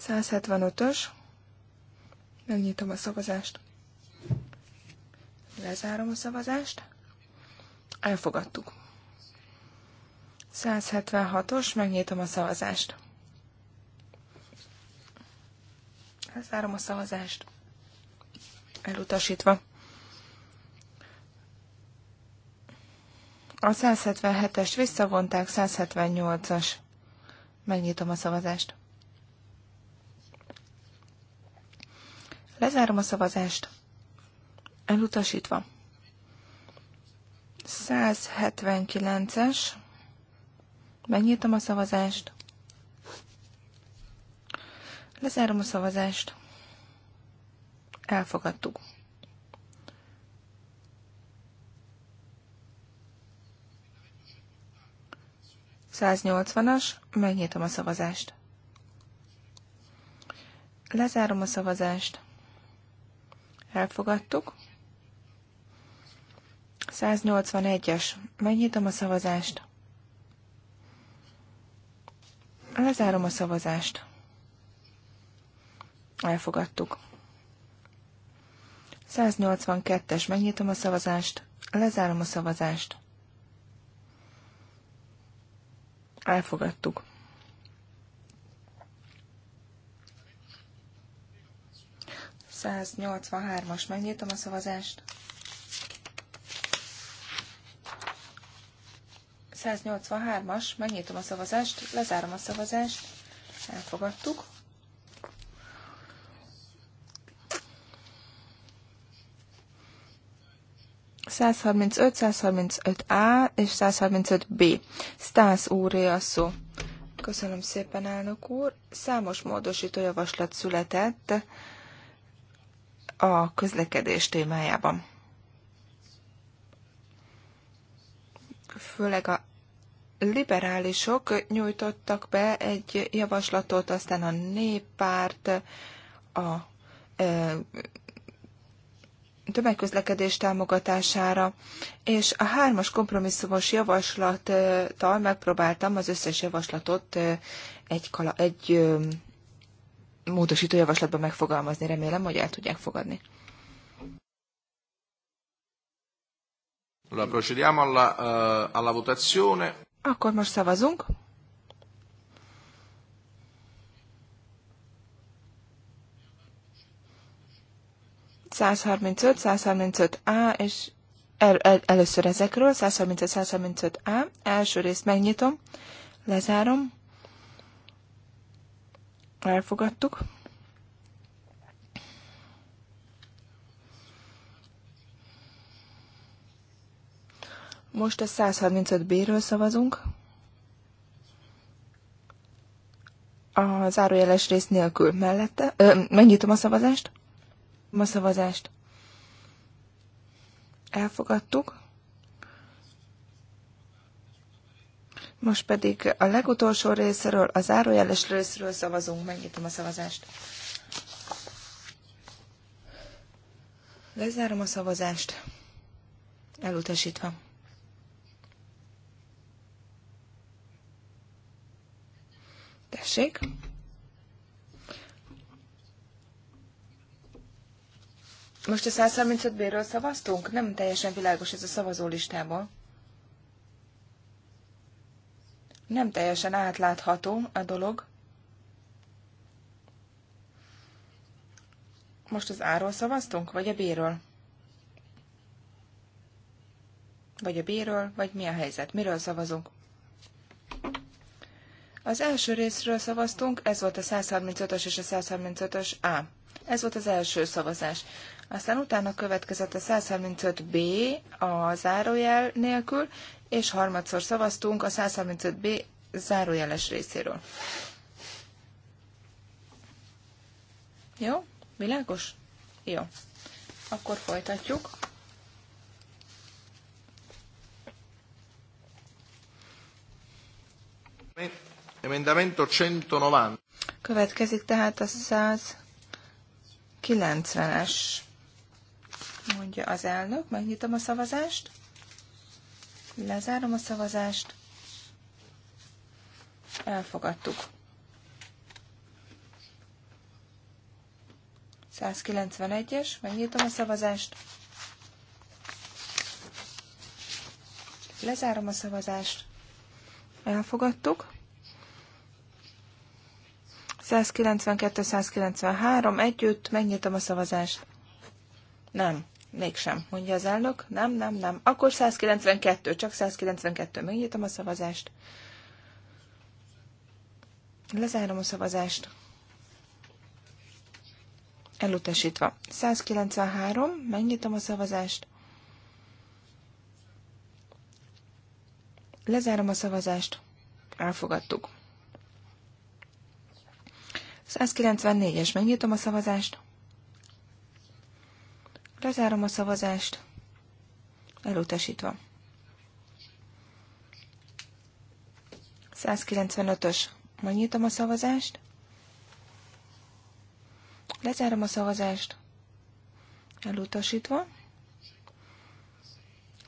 175-ös. Megnyitom a szavazást. Lezárom a szavazást. Elfogadtuk. 176-os, megnyitom a szavazást. Lezárom a szavazást. Elutasítva. A 177-est visszavonták, 178-as. Megnyitom a szavazást. Lezárom a szavazást. Elutasítva. 179-es. Megnyitom a szavazást. Lezárom a szavazást. Elfogadtuk. 180-as, megnyitom a szavazást. Lezárom a szavazást. Elfogadtuk. 181-es. Megnyitom a szavazást. Lezárom a szavazást. Elfogadtuk. 182-es. Megnyitom a szavazást. Lezárom a szavazást. elfogadtuk. as megnyitom a szavazást. 183-as, megnyitom a szavazást, lezárom a szavazást, elfogadtuk. 135, 135A és 135B. Stász úré a szó. Köszönöm szépen, elnök úr. Számos módosító javaslat született a közlekedés témájában. Főleg a liberálisok nyújtottak be egy javaslatot, aztán a néppárt, a tömegközlekedés támogatására, és a hármas kompromisszumos javaslattal megpróbáltam az összes javaslatot egy, kala, egy módosító javaslatban megfogalmazni. Remélem, hogy el tudják fogadni. procediamo alla, alla votazione. Akkor most szavazunk. 135, 135A, és el, el, először ezekről, 135, 135A, első részt megnyitom, lezárom, elfogadtuk. Most a 135B-ről szavazunk. A zárójeles rész nélkül mellette. Ö, megnyitom a szavazást ma szavazást. Elfogadtuk. Most pedig a legutolsó részről, a zárójeles részről szavazunk. Megnyitom a szavazást. Lezárom a szavazást. Elutasítva. Tessék. Most a 135 B-ről szavaztunk? Nem teljesen világos ez a szavazólistából. Nem teljesen átlátható a dolog. Most az A-ról szavaztunk, vagy a B-ről? Vagy a B-ről, vagy mi a helyzet? Miről szavazunk? Az első részről szavaztunk, ez volt a 135-ös és a 135-ös A. Ez volt az első szavazás. Aztán utána következett a 135B a zárójel nélkül, és harmadszor szavaztunk a 135B zárójeles részéről. Jó? Világos? Jó. Akkor folytatjuk. Emendamento 190. Következik tehát a 190-es mondja az elnök. Megnyitom a szavazást. Lezárom a szavazást. Elfogadtuk. 191-es, megnyitom a szavazást. Lezárom a szavazást. Elfogadtuk. 192-193 együtt, megnyitom a szavazást. Nem. Mégsem, mondja az elnök. Nem, nem, nem. Akkor 192, csak 192. Megnyitom a szavazást. Lezárom a szavazást. Elutasítva. 193, megnyitom a szavazást. Lezárom a szavazást. Elfogadtuk. 194-es, megnyitom a szavazást. Lezárom a szavazást. Elutasítva. 195-ös. Megnyitom a szavazást. Lezárom a szavazást. Elutasítva.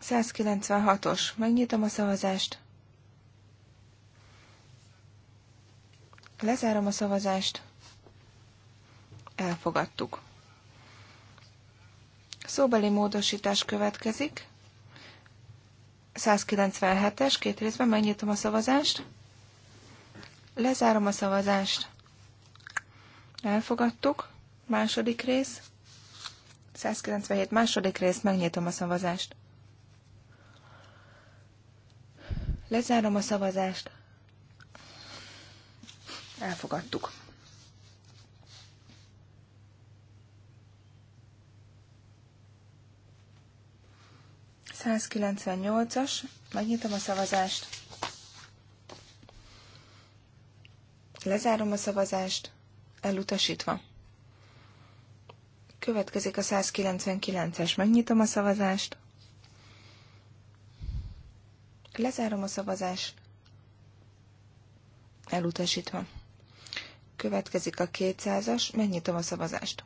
196-os. Megnyitom a szavazást. Lezárom a szavazást. Elfogadtuk. Szóbeli módosítás következik. 197-es, két részben megnyitom a szavazást. Lezárom a szavazást. Elfogadtuk. Második rész. 197. Második rész. Megnyitom a szavazást. Lezárom a szavazást. Elfogadtuk. 198-as, megnyitom a szavazást. Lezárom a szavazást, elutasítva. Következik a 199-es, megnyitom a szavazást. Lezárom a szavazást, elutasítva. Következik a 200-as, megnyitom a szavazást.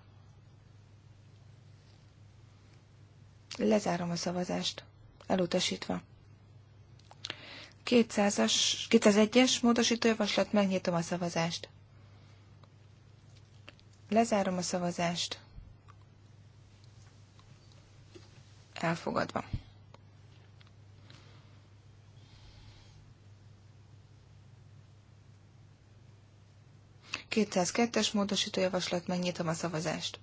Lezárom a szavazást. Elutasítva. 200-as, 201-es módosítójavaslat, megnyitom a szavazást. Lezárom a szavazást. Elfogadva. Kétszázkettes módosítójavaslat, megnyitom a szavazást.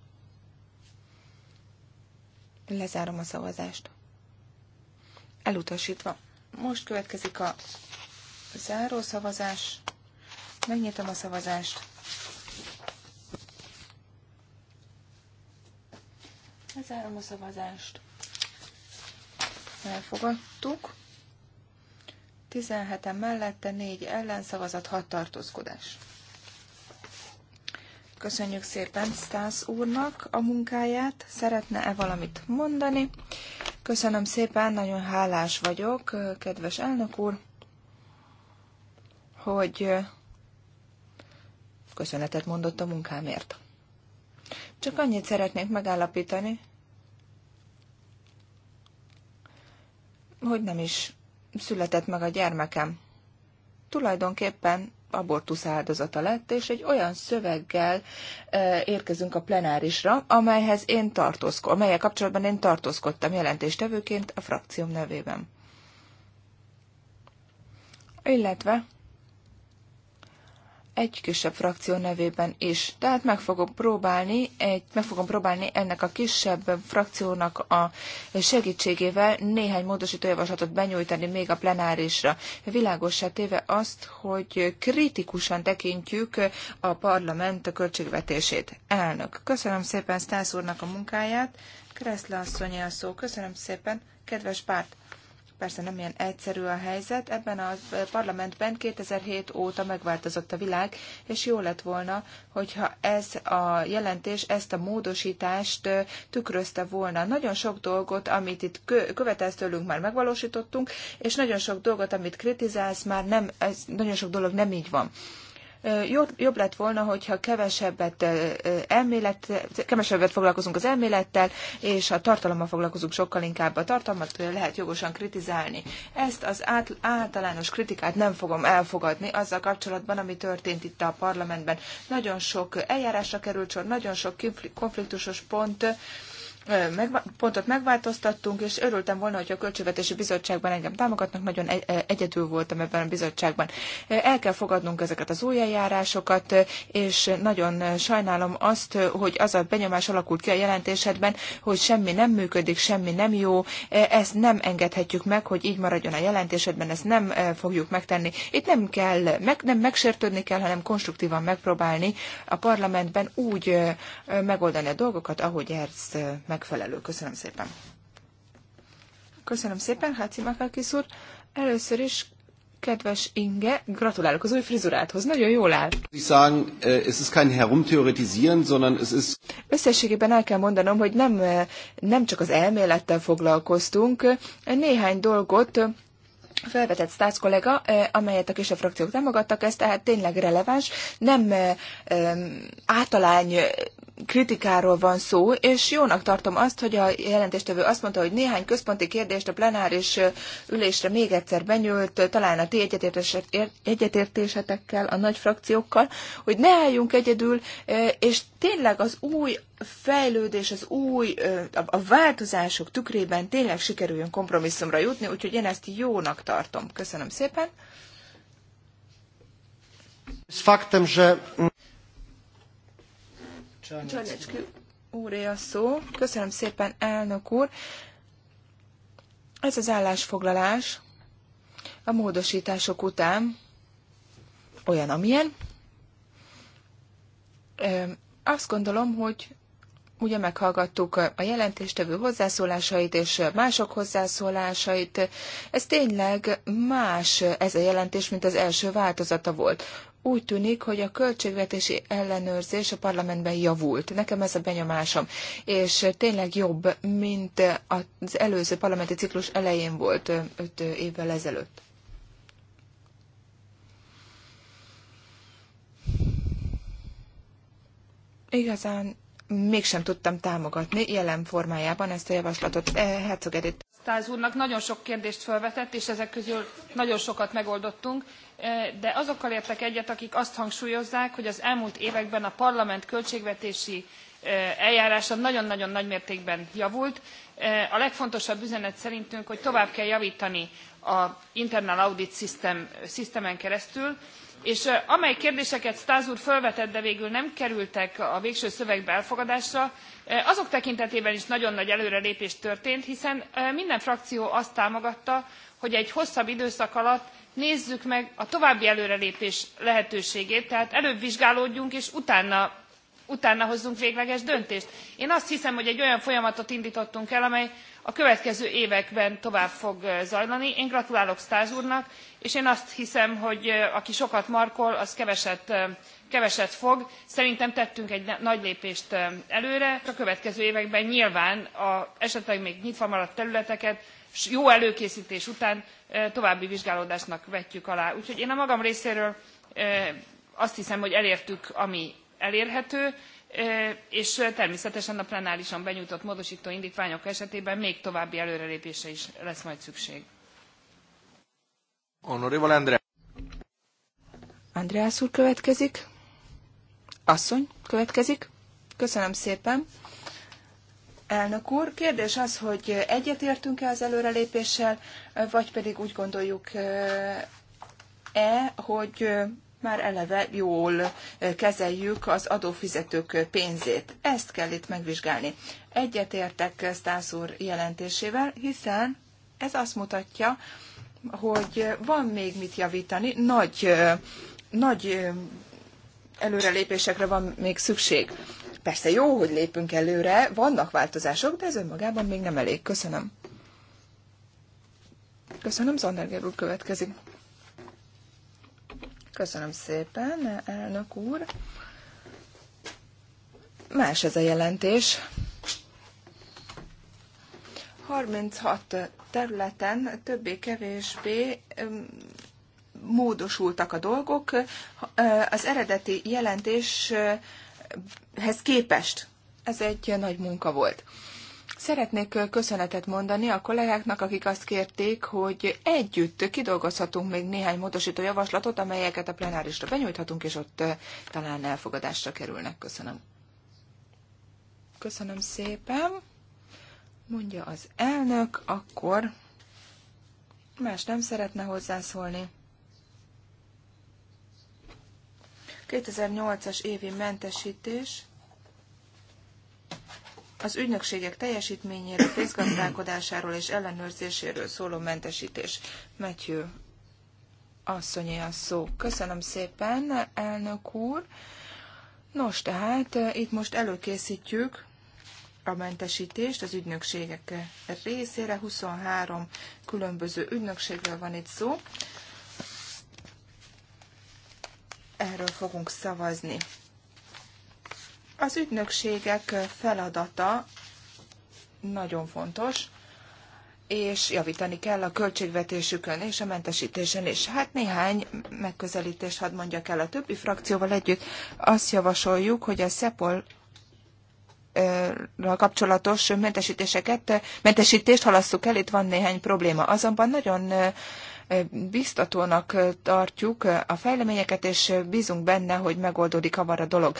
Lezárom a szavazást. Elutasítva. Most következik a záró szavazás. Megnyitom a szavazást. Lezárom a szavazást. Elfogadtuk. 17-en mellette 4 ellenszavazat, 6 tartózkodás. Köszönjük szépen Stász úrnak a munkáját. Szeretne-e valamit mondani? Köszönöm szépen, nagyon hálás vagyok, kedves elnök úr, hogy köszönetet mondott a munkámért. Csak annyit szeretnék megállapítani, hogy nem is született meg a gyermekem. Tulajdonképpen abortusz áldozata lett, és egy olyan szöveggel érkezünk a plenárisra, amelyhez én tartózkodom, amelyek kapcsolatban én tartózkodtam jelentéstevőként a frakcióm nevében. Illetve egy kisebb frakció nevében is. Tehát meg fogom próbálni, egy, meg fogom próbálni ennek a kisebb frakciónak a segítségével néhány módosító javaslatot benyújtani még a plenárisra. Világossá téve azt, hogy kritikusan tekintjük a parlament a költségvetését. Elnök, köszönöm szépen Stász úrnak a munkáját. Kresszle asszonyi a szó. Köszönöm szépen, kedves párt. Persze nem ilyen egyszerű a helyzet. Ebben a parlamentben 2007 óta megváltozott a világ, és jó lett volna, hogyha ez a jelentés, ezt a módosítást tükrözte volna. Nagyon sok dolgot, amit itt követelsz tőlünk, már megvalósítottunk, és nagyon sok dolgot, amit kritizálsz, már nem, ez, nagyon sok dolog nem így van jobb, lett volna, hogyha kevesebbet, elmélet, kevesebbet foglalkozunk az elmélettel, és a tartalommal foglalkozunk sokkal inkább. A tartalmat lehet jogosan kritizálni. Ezt az általános kritikát nem fogom elfogadni azzal kapcsolatban, ami történt itt a parlamentben. Nagyon sok eljárásra került sor, nagyon sok konfliktusos pont, pontot megváltoztattunk, és örültem volna, hogy a Költségvetési Bizottságban engem támogatnak, nagyon e- e- egyedül voltam ebben a bizottságban. El kell fogadnunk ezeket az új eljárásokat, és nagyon sajnálom azt, hogy az a benyomás alakult ki a jelentésedben, hogy semmi nem működik, semmi nem jó, ezt nem engedhetjük meg, hogy így maradjon a jelentésedben, ezt nem fogjuk megtenni. Itt nem kell, meg, nem megsértődni kell, hanem konstruktívan megpróbálni a parlamentben úgy megoldani a dolgokat, ahogy ez megfelelő. Köszönöm szépen. Köszönöm szépen, Háci Makakis úr. Először is Kedves Inge, gratulálok az új frizurádhoz, nagyon jól áll. Äh, Összességében el kell mondanom, hogy nem, äh, nem csak az elmélettel foglalkoztunk, néhány dolgot felvetett Stász kollega, amelyet a kisebb frakciók támogattak, ez tehát tényleg releváns, nem általány kritikáról van szó, és jónak tartom azt, hogy a jelentéstevő azt mondta, hogy néhány központi kérdést a plenáris ülésre még egyszer benyúlt, talán a ti egyetértésetekkel, a nagy frakciókkal, hogy ne álljunk egyedül, e, és tényleg az új fejlődés, az új, e, a változások tükrében tényleg sikerüljön kompromisszumra jutni, úgyhogy én ezt jónak tartom. Köszönöm szépen. Z faktem, że Csarnecski úré a szó. Köszönöm szépen, elnök úr. Ez az állásfoglalás a módosítások után olyan, amilyen. Azt gondolom, hogy ugye meghallgattuk a jelentéstevő hozzászólásait és mások hozzászólásait. Ez tényleg más ez a jelentés, mint az első változata volt úgy tűnik, hogy a költségvetési ellenőrzés a parlamentben javult. Nekem ez a benyomásom. És tényleg jobb, mint az előző parlamenti ciklus elején volt öt évvel ezelőtt. Igazán mégsem tudtam támogatni jelen formájában ezt a javaslatot. Herzog eh, hát Edith. Stáz úrnak nagyon sok kérdést felvetett, és ezek közül nagyon sokat megoldottunk, e, de azokkal értek egyet, akik azt hangsúlyozzák, hogy az elmúlt években a parlament költségvetési e, eljárása nagyon-nagyon nagy mértékben javult. E, a legfontosabb üzenet szerintünk, hogy tovább kell javítani a internal audit system, systemen keresztül, és amely kérdéseket Stáz úr felvetett, de végül nem kerültek a végső szövegbe elfogadásra, azok tekintetében is nagyon nagy előrelépés történt, hiszen minden frakció azt támogatta, hogy egy hosszabb időszak alatt nézzük meg a további előrelépés lehetőségét, tehát előbb vizsgálódjunk, és utána utána hozzunk végleges döntést. Én azt hiszem, hogy egy olyan folyamatot indítottunk el, amely a következő években tovább fog zajlani. Én gratulálok staes úrnak, és én azt hiszem, hogy aki sokat markol, az keveset, keveset fog. Szerintem tettünk egy nagy lépést előre. A következő években nyilván a esetleg még nyitva maradt területeket jó előkészítés után további vizsgálódásnak vetjük alá. Úgyhogy én a magam részéről azt hiszem, hogy elértük, ami elérhető, és természetesen a plenárisan benyújtott módosító indítványok esetében még további előrelépése is lesz majd szükség. Honorable András. András úr következik. Asszony következik. Köszönöm szépen. Elnök úr, kérdés az, hogy egyetértünk-e az előrelépéssel, vagy pedig úgy gondoljuk-e, hogy már eleve jól kezeljük az adófizetők pénzét. Ezt kell itt megvizsgálni. Egyetértek Stász úr jelentésével, hiszen ez azt mutatja, hogy van még mit javítani, nagy, nagy előrelépésekre van még szükség. Persze jó, hogy lépünk előre, vannak változások, de ez önmagában még nem elég. Köszönöm. Köszönöm, Zanderger úr következik. Köszönöm szépen, elnök úr. Más ez a jelentés. 36 területen többé-kevésbé módosultak a dolgok az eredeti jelentéshez képest. Ez egy nagy munka volt. Szeretnék köszönetet mondani a kollégáknak, akik azt kérték, hogy együtt kidolgozhatunk még néhány módosító javaslatot, amelyeket a plenárisra benyújthatunk, és ott talán elfogadásra kerülnek. Köszönöm. Köszönöm szépen. Mondja az elnök, akkor más nem szeretne hozzászólni. 2008-as évi mentesítés az ügynökségek teljesítményéről, pénzgazdálkodásáról és ellenőrzéséről szóló mentesítés. Matthew asszonyé a szó. Köszönöm szépen, elnök úr. Nos, tehát eh, itt most előkészítjük a mentesítést az ügynökségek részére. 23 különböző ügynökségről van itt szó. Erről fogunk szavazni. Az ügynökségek feladata nagyon fontos, és javítani kell a költségvetésükön és a mentesítésen is. Hát néhány megközelítést hadd mondjak el a többi frakcióval együtt. Azt javasoljuk, hogy a SZEPOL kapcsolatos mentesítéseket, mentesítést halasszuk el, itt van néhány probléma. Azonban nagyon biztatónak tartjuk a fejleményeket, és bízunk benne, hogy megoldódik hamar a dolog.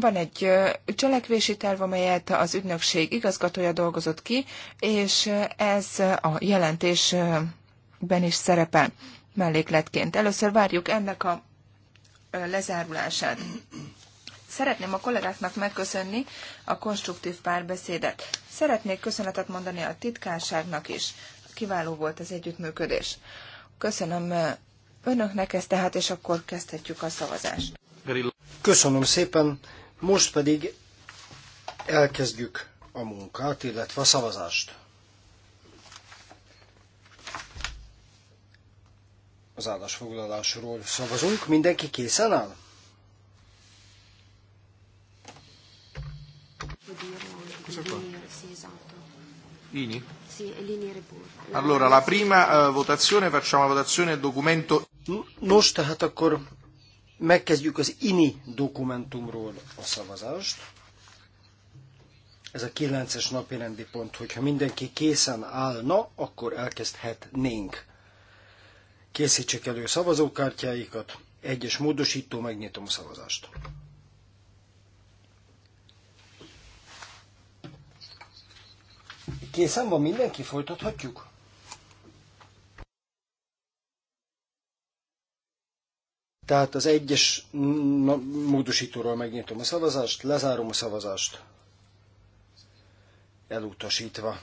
Van egy cselekvési terv, amelyet az ügynökség igazgatója dolgozott ki, és ez a jelentésben is szerepel mellékletként. Először várjuk ennek a lezárulását. Szeretném a kollégáknak megköszönni a konstruktív párbeszédet. Szeretnék köszönetet mondani a titkárságnak is. Kiváló volt az együttműködés. Köszönöm önöknek ezt tehát, és akkor kezdhetjük a szavazást. Köszönöm szépen, most pedig elkezdjük a munkát, illetve a szavazást. Az állásfoglalásról szavazunk. Mindenki készen áll? Ini? Allora, la prima eh, votazione, facciamo la votazione del documento... Nos, tehát akkor megkezdjük az INI dokumentumról a szavazást. Ez a kilences napi rendi pont, hogyha mindenki készen állna, akkor elkezdhetnénk. Készítsék elő szavazókártyáikat, egyes módosító, megnyitom a szavazást. Készen van mindenki, folytathatjuk? Tehát az egyes módosítóról megnyitom a szavazást, lezárom a szavazást. Elutasítva.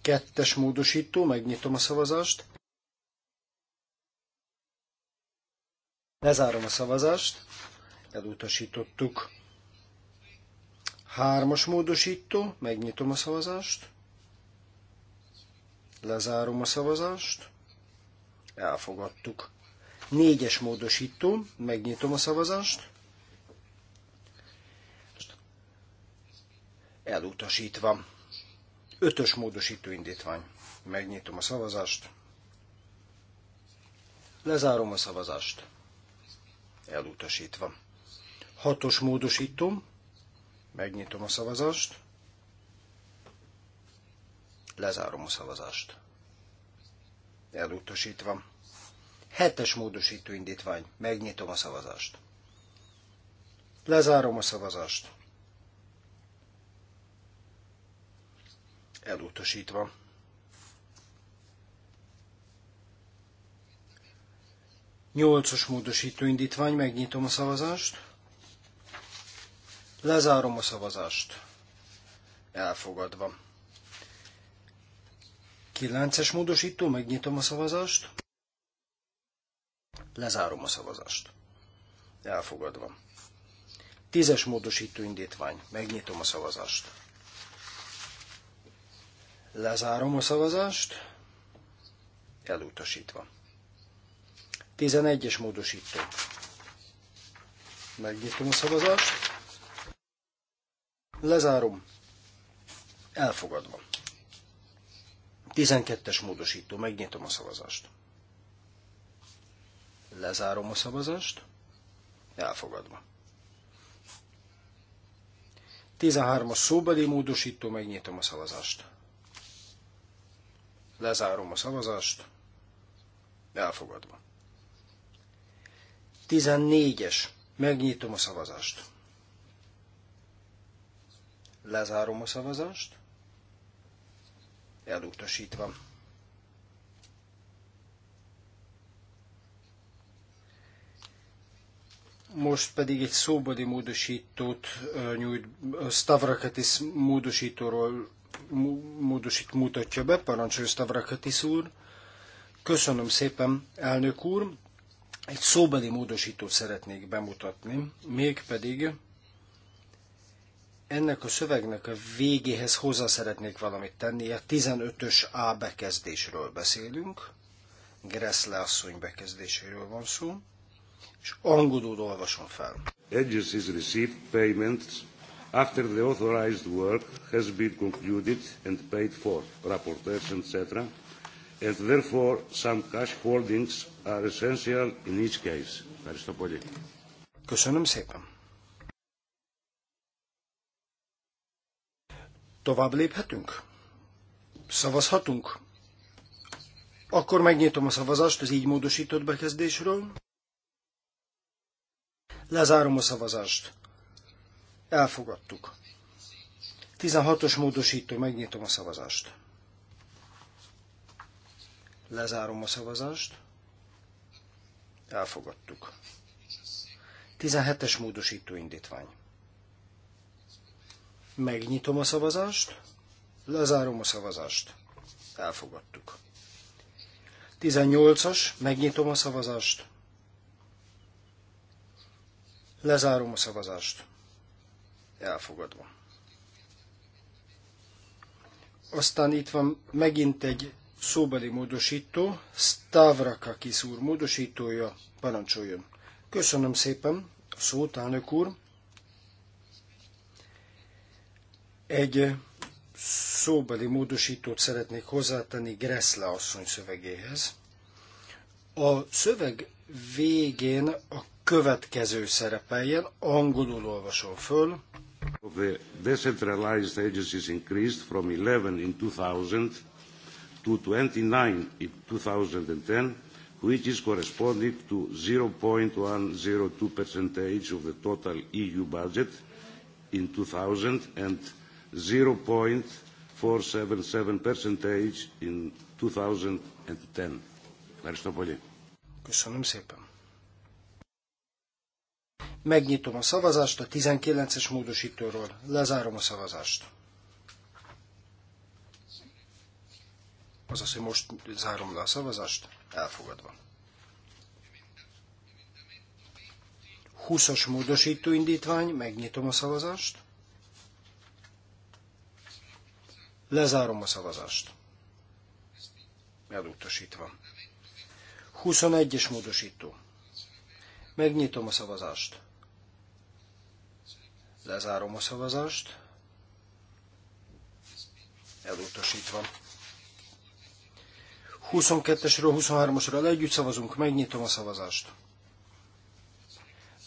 Kettes módosító, megnyitom a szavazást. Lezárom a szavazást. Elutasítottuk. Hármas módosító, megnyitom a szavazást. Lezárom a szavazást. Elfogadtuk. Négyes módosító, megnyitom a szavazást. Elutasítva. Ötös módosító indítvány. Megnyitom a szavazást. Lezárom a szavazást. Elutasítva. Hatos módosító. Megnyitom a szavazást. Lezárom a szavazást. Elutasítva. Hetes módosító indítvány. Megnyitom a szavazást. Lezárom a szavazást. Elutasítva. Nyolcos módosító indítvány. Megnyitom a szavazást. Lezárom a szavazást. Elfogadva. Kilences módosító, megnyitom a szavazást. Lezárom a szavazást. Elfogadva. Tízes módosító indítvány. Megnyitom a szavazást. Lezárom a szavazást. Elutasítva. Tizenegyes módosító. Megnyitom a szavazást. Lezárom. Elfogadva. 12-es módosító. Megnyitom a szavazást. Lezárom a szavazást. Elfogadva. 13-as szóbeli módosító, megnyitom a szavazást. Lezárom a szavazást. Elfogadva. 14-es. Megnyitom a szavazást. Lezárom a szavazást. Elutasítva. Most pedig egy szóbodi módosítót nyújt, Stavrakatis módosítóról módosít mutatja be, parancsolja Stavrakatis úr. Köszönöm szépen, elnök úr. Egy szóbeli módosítót szeretnék bemutatni, mégpedig ennek a szövegnek a végéhez hozzá szeretnék valamit tenni. A 15-ös A bekezdésről beszélünk. Gressle asszony bekezdéséről van szó és angolul olvasom fel. is received payments after the authorized work has been concluded and paid for, rapporteurs, etc., and therefore some cash holdings are essential in each case. Köszönöm szépen. Tovább léphetünk? Szavazhatunk? Akkor megnyitom a szavazást az így módosított bekezdésről. Lezárom a szavazást. Elfogadtuk. 16-os módosító, megnyitom a szavazást. Lezárom a szavazást. Elfogadtuk. 17-es módosító indítvány. Megnyitom a szavazást. Lezárom a szavazást. Elfogadtuk. 18-as, megnyitom a szavazást. Lezárom a szavazást. Elfogadva. Aztán itt van megint egy szóbeli módosító, Stavrakakis úr módosítója, parancsoljon. Köszönöm szépen a szót, elnök úr. Egy szóbeli módosítót szeretnék hozzátenni Greszle asszony szövegéhez. A szöveg végén a következő szerepeljen, angolul olvasom föl. The decentralized agencies increased from 11 in 2000 to 29 in 2010, which is corresponding to 0.102 percentage of the total EU budget in 2000 and 0.477 percentage in 2010. Köszönöm szépen. Megnyitom a szavazást a 19-es módosítóról. Lezárom a szavazást. Azaz, hogy most zárom le a szavazást, elfogadva. 20-as módosító indítvány, megnyitom a szavazást. Lezárom a szavazást. Elutasítva. 21-es módosító. Megnyitom a szavazást. Lezárom a szavazást. Elutasítva. 22-esről 23 osra együtt szavazunk, megnyitom a szavazást.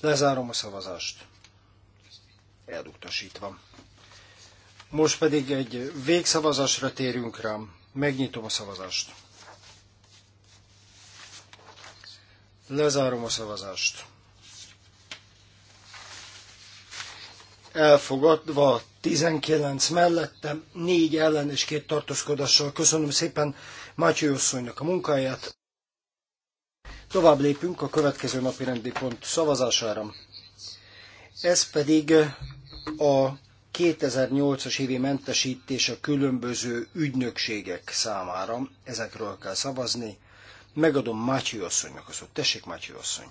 Lezárom a szavazást. Elutasítva. Most pedig egy végszavazásra térünk rám. Megnyitom a szavazást. Lezárom a szavazást. elfogadva 19 mellettem, 4 ellen és 2 tartózkodással. Köszönöm szépen Mátyó asszonynak a munkáját. Tovább lépünk a következő napi rendi pont szavazására. Ez pedig a 2008-as évi mentesítés a különböző ügynökségek számára. Ezekről kell szavazni. Megadom Mátyó asszonynak a szót. Tessék, Mátyó asszony!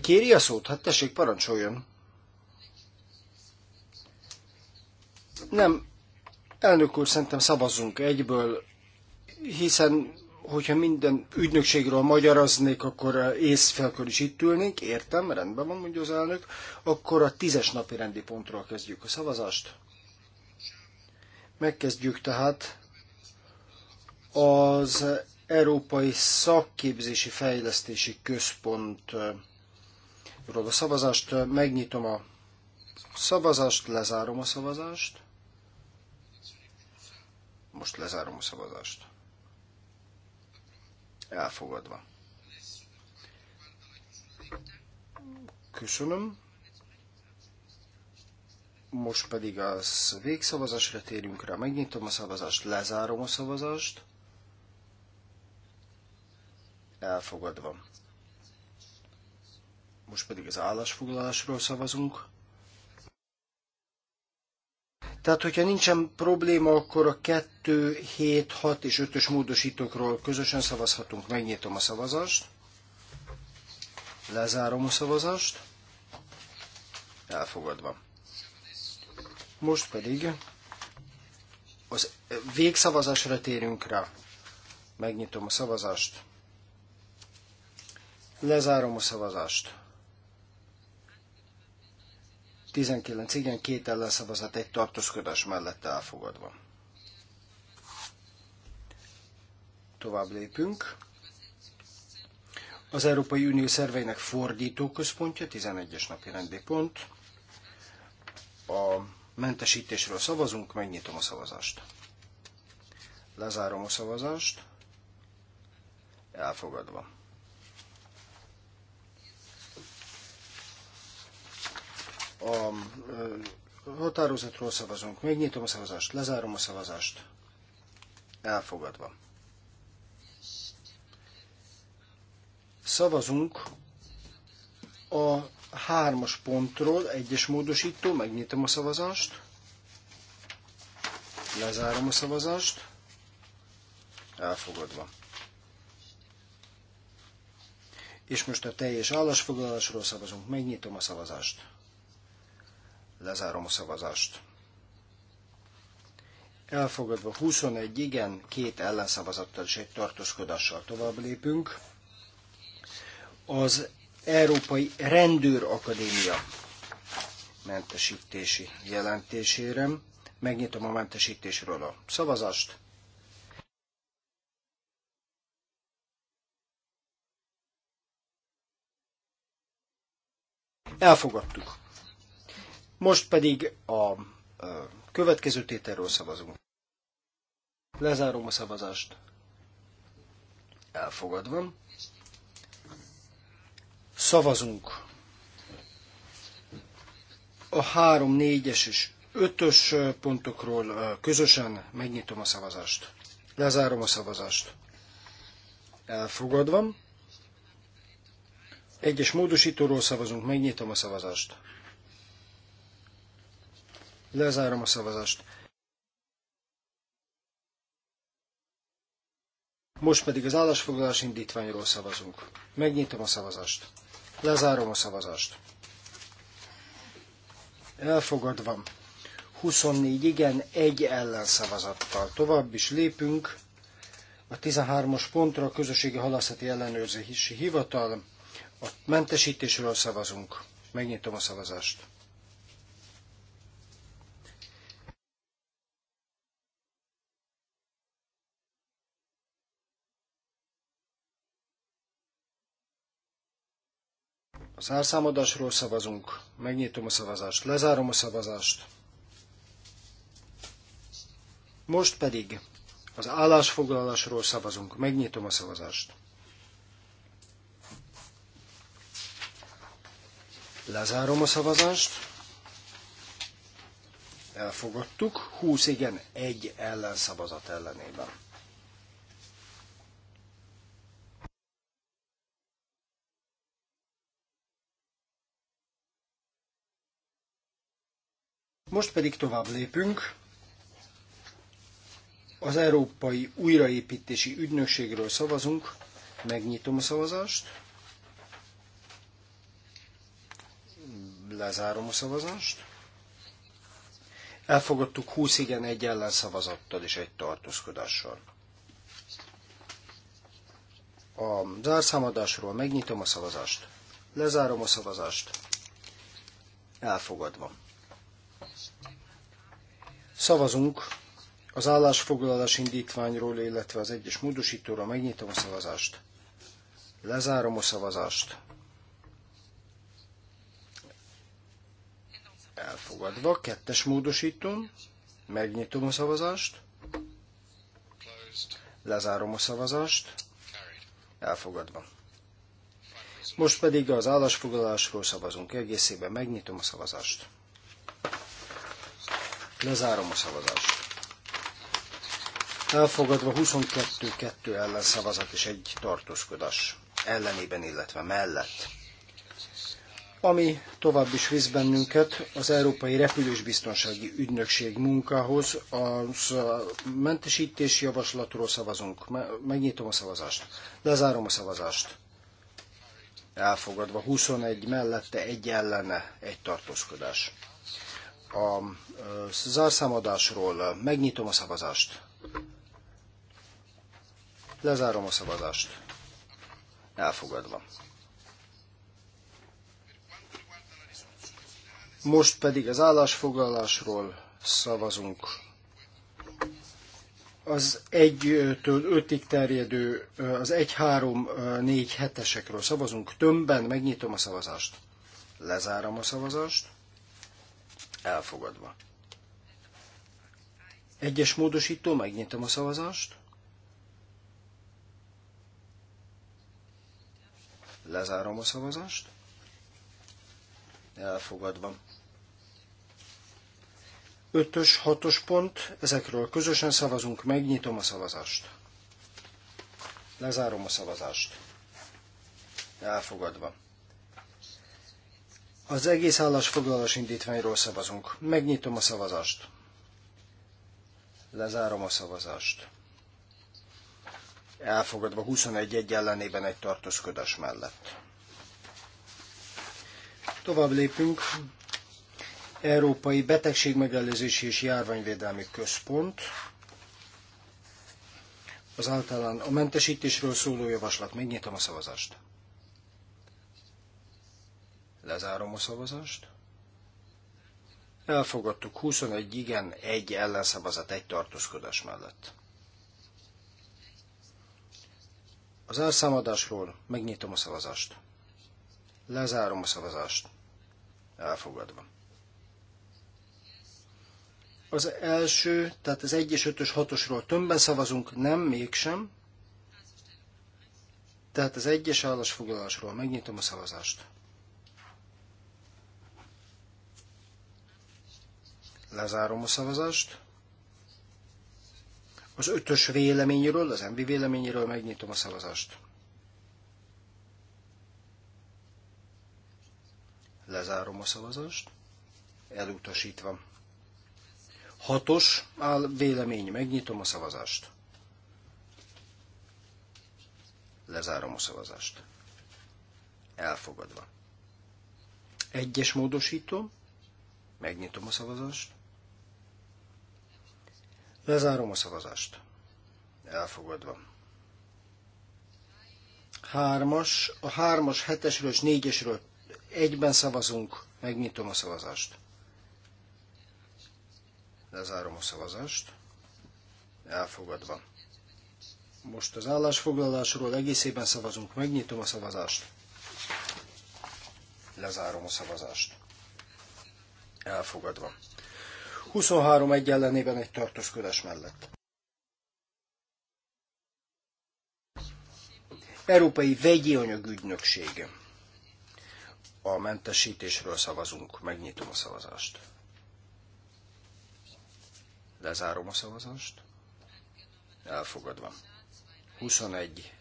Kéri a szót? Hát tessék, parancsoljon. Nem, elnök úr, szerintem szavazzunk egyből, hiszen hogyha minden ügynökségről magyaraznék, akkor eh, észfelkör is itt ülnénk, értem, rendben van, mondja az elnök, akkor a tízes napi rendi pontról kezdjük a szavazást. Megkezdjük tehát az Európai Szakképzési Fejlesztési Központ eh, a szavazást, megnyitom a szavazást, lezárom a szavazást. Most lezárom a szavazást. Elfogadva. Köszönöm. Most pedig az végszavazásra térünk rá. Megnyitom a szavazást, lezárom a szavazást. Elfogadva. Most pedig az állásfoglalásról szavazunk. Tehát, hogyha nincsen probléma, akkor a 2, 7, 6 és 5-ös módosítókról közösen szavazhatunk. Megnyitom a szavazást. Lezárom a szavazást. Elfogadva. Most pedig az végszavazásra térünk rá. Megnyitom a szavazást. Lezárom a szavazást. 19 igen, két ellenszavazat, egy tartózkodás mellett elfogadva. Tovább lépünk. Az Európai Unió szerveinek fordító központja, 11-es napi rendi pont. A mentesítésről szavazunk, megnyitom a szavazást. Lezárom a szavazást. Elfogadva. a határozatról szavazunk. Megnyitom a szavazást, lezárom a szavazást. Elfogadva. Szavazunk a hármas pontról, egyes módosító, megnyitom a szavazást. Lezárom a szavazást. Elfogadva. És most a teljes állásfoglalásról szavazunk. Megnyitom a szavazást. Lezárom a szavazást. Elfogadva 21 igen, két ellenszavazattal és egy tartózkodással tovább lépünk. Az Európai Rendőrakadémia mentesítési jelentésére. Megnyitom a mentesítésről a szavazást. Elfogadtuk. Most pedig a következő tételről szavazunk. Lezárom a szavazást. Elfogadva. Szavazunk a 3, 4-es és 5-ös pontokról közösen megnyitom a szavazást. Lezárom a szavazást. Elfogadva. Egyes módosítóról szavazunk, megnyitom a szavazást. Lezárom a szavazást. Most pedig az állásfoglalás indítványról szavazunk. Megnyitom a szavazást. Lezárom a szavazást. Elfogadva. 24 igen, egy ellenszavazattal. Tovább is lépünk a 13-as pontra a Közösségi Halászati Ellenőrzési Hivatal. A mentesítésről szavazunk. Megnyitom a szavazást. A zárszámadásról szavazunk, megnyitom a szavazást, lezárom a szavazást. Most pedig az állásfoglalásról szavazunk, megnyitom a szavazást. Lezárom a szavazást. Elfogadtuk. 20 igen, egy ellenszavazat ellenében. Most pedig tovább lépünk. Az Európai Újraépítési Ügynökségről szavazunk. Megnyitom a szavazást. Lezárom a szavazást. Elfogadtuk 20 igen, egy ellenszavazattal és egy tartózkodással. A zárszámadásról megnyitom a szavazást. Lezárom a szavazást. Elfogadva. Szavazunk az állásfoglalás indítványról, illetve az egyes módosítóra. Megnyitom a szavazást. Lezárom a szavazást. Elfogadva, kettes módosítón. Megnyitom a szavazást. Lezárom a szavazást. Elfogadva. Most pedig az állásfoglalásról szavazunk egészében. Megnyitom a szavazást. Lezárom a szavazást. Elfogadva 22-2 ellen szavazat és egy tartózkodás ellenében, illetve mellett. Ami tovább is visz bennünket az Európai biztonsági Ügynökség munkához, az mentesítés javaslatról szavazunk. Megnyitom a szavazást. Lezárom a szavazást. Elfogadva 21 mellette, egy ellene, egy tartózkodás a zárszámadásról. Megnyitom a szavazást. Lezárom a szavazást. Elfogadva. Most pedig az állásfoglalásról szavazunk. Az 1-től 5-ig terjedő, az 1-3-4-7-esekről szavazunk. Tömbben megnyitom a szavazást. Lezárom a szavazást. Elfogadva. Egyes módosító, megnyitom a szavazást. Lezárom a szavazást. Elfogadva. 5-ös, 6-os pont, ezekről közösen szavazunk, megnyitom a szavazást. Lezárom a szavazást. Elfogadva. Az egész állásfoglalás indítványról szavazunk. Megnyitom a szavazást. Lezárom a szavazást. Elfogadva 21 egy ellenében egy tartózkodás mellett. Tovább lépünk. Európai Betegségmegelőzési és Járványvédelmi Központ. Az általán a mentesítésről szóló javaslat. Megnyitom a szavazást. Lezárom a szavazást. Elfogadtuk 21 igen, egy ellenszavazat, egy tartózkodás mellett. Az elszámadásról megnyitom a szavazást. Lezárom a szavazást. Elfogadva. Az első, tehát az 1-es, 5-ös, 6-osról tömbben szavazunk, nem, mégsem. Tehát az egyes állásfoglalásról megnyitom a szavazást. Lezárom a szavazást. Az ötös véleményről, az MB véleményről megnyitom a szavazást. Lezárom a szavazást. Elutasítva. Hatos áll vélemény, megnyitom a szavazást. Lezárom a szavazást. Elfogadva. Egyes módosítom, megnyitom a szavazást. Lezárom a szavazást. Elfogadva. Hármas, a hármas, hetesről és négyesről egyben szavazunk, megnyitom a szavazást. Lezárom a szavazást. Elfogadva. Most az állásfoglalásról egészében szavazunk, megnyitom a szavazást. Lezárom a szavazást. Elfogadva. 23 egy ellenében egy tartózkodás mellett. Európai Vegyi Anyagügynökség. A mentesítésről szavazunk. Megnyitom a szavazást. Lezárom a szavazást. Elfogadva. 21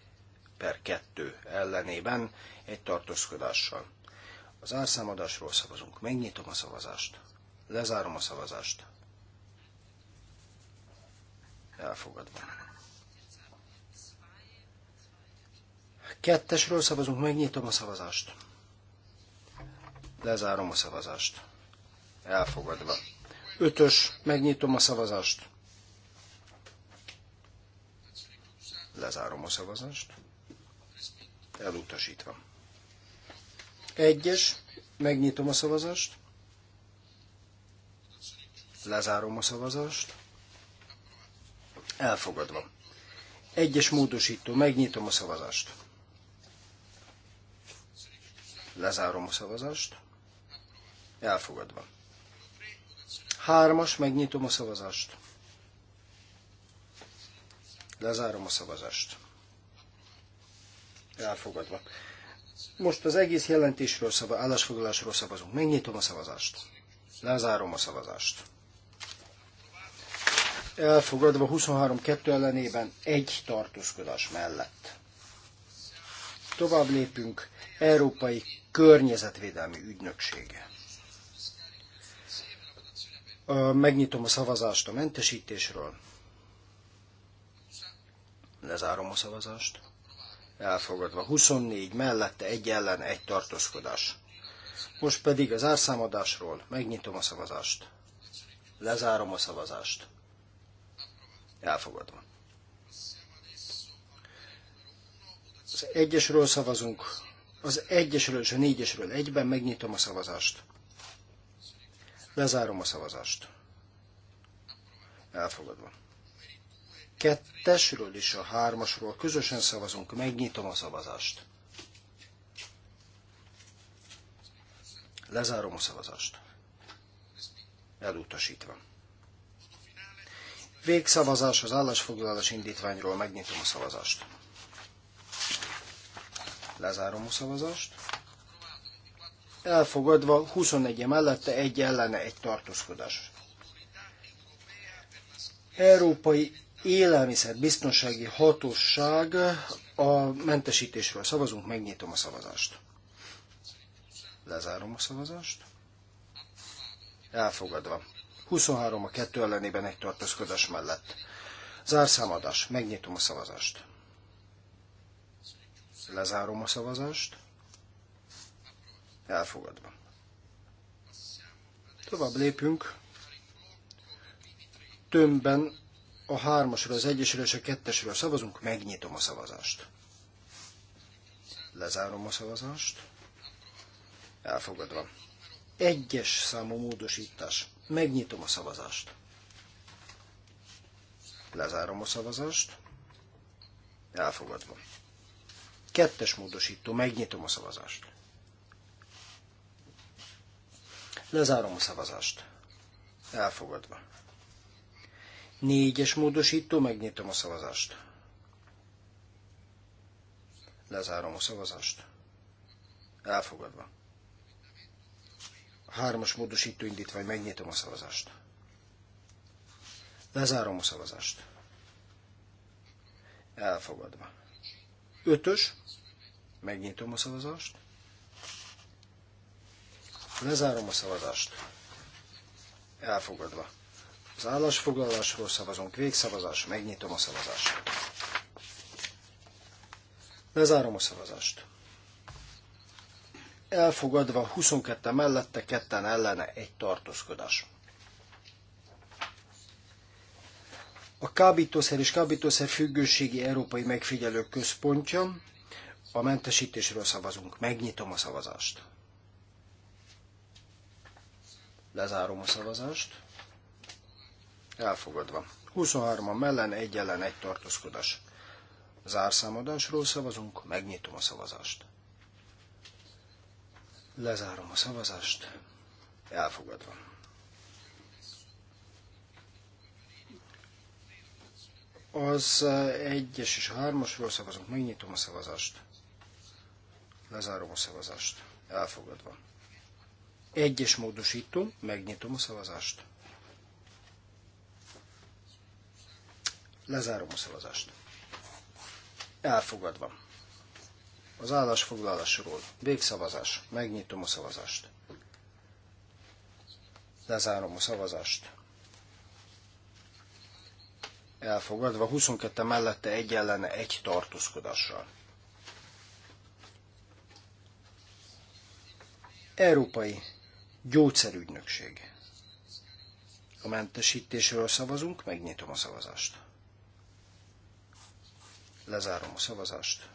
per 2 ellenében egy tartózkodással. Az árszámadásról szavazunk. Megnyitom a szavazást. Lezárom a szavazást. Elfogadva. Kettesről szavazunk, megnyitom a szavazást. Lezárom a szavazást. Elfogadva. Ötös, megnyitom a szavazást. Lezárom a szavazást. Elutasítva. Egyes, megnyitom a szavazást. Lezárom a szavazást. Elfogadva. Egyes módosító. Megnyitom a szavazást. Lezárom a szavazást. Elfogadva. Hármas, megnyitom a szavazást. Lezárom a szavazást. Elfogadva. Most az egész jelentésről, szava, állásfoglalásról szavazunk. Megnyitom a szavazást. Lezárom a szavazást elfogadva 23-2 ellenében egy tartózkodás mellett. Tovább lépünk, Európai Környezetvédelmi Ügynöksége. Megnyitom a szavazást a mentesítésről. Lezárom a szavazást. Elfogadva 24 mellette egy ellen egy tartózkodás. Most pedig az árszámadásról megnyitom a szavazást. Lezárom a szavazást. Elfogadva. Az egyesről szavazunk. Az egyesről és a négyesről egyben megnyitom a szavazást. Lezárom a szavazást. Elfogadva. Kettesről és a hármasról közösen szavazunk. Megnyitom a szavazást. Lezárom a szavazást. Elutasítva. Végszavazás az állásfoglalás indítványról. Megnyitom a szavazást. Lezárom a szavazást. Elfogadva 21 mellette, egy ellene, egy tartózkodás. Európai élelmiszer biztonsági Hatóság a mentesítésről szavazunk, megnyitom a szavazást. Lezárom a szavazást. Elfogadva. 23 a 2 ellenében egy tartaszkodás mellett. Zárszámadás. Megnyitom a szavazást. Lezárom a szavazást. Elfogadva. Tovább lépünk. Tömbben a 3-asra, az egyesről és a 2 szavazunk, megnyitom a szavazást. Lezárom a szavazást. Elfogadva. Egyes számú módosítás. Megnyitom a szavazást. Lezárom a szavazást. Elfogadva. Kettes módosító, megnyitom a szavazást. Lezárom a szavazást. Elfogadva. Négyes módosító, megnyitom a szavazást. Lezárom a szavazást. Elfogadva. Hármas módosító indítvány, megnyitom a szavazást. Lezárom a szavazást. Elfogadva. Ötös, megnyitom a szavazást. Lezárom a szavazást. Elfogadva. Az állásfoglalásról szavazunk. Végszavazás. Megnyitom a szavazást. Lezárom a szavazást elfogadva 22 mellette, ketten ellene egy tartózkodás. A kábítószer és kábítószer függőségi Európai Megfigyelő Központja. A mentesítésről szavazunk. Megnyitom a szavazást. Lezárom a szavazást. Elfogadva. 23-an mellen, egy ellen, egy tartózkodás. Zárszámadásról szavazunk, megnyitom a szavazást. Lezárom a szavazást. Elfogadva. Az eh, egyes és a hármasról szavazunk. Megnyitom a szavazást. Lezárom a szavazást. Elfogadva. Egyes módosító. Megnyitom a szavazást. Lezárom a szavazást. Elfogadva az állásfoglalásról. Végszavazás. Megnyitom a szavazást. Lezárom a szavazást. Elfogadva 22 mellette egy ellene egy tartózkodással. Európai Gyógyszerügynökség. A mentesítésről szavazunk, megnyitom a szavazást. Lezárom a szavazást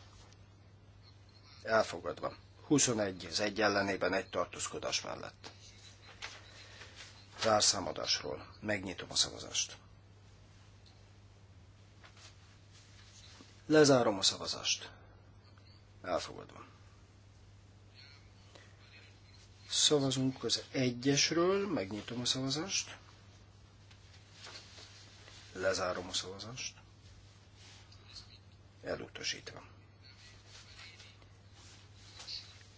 elfogadva. 21 az egy ellenében egy tartózkodás mellett. Zárszámadásról. Megnyitom a szavazást. Lezárom a szavazást. Elfogadva. Szavazunk az egyesről, megnyitom a szavazást. Lezárom a szavazást. Elutasítva.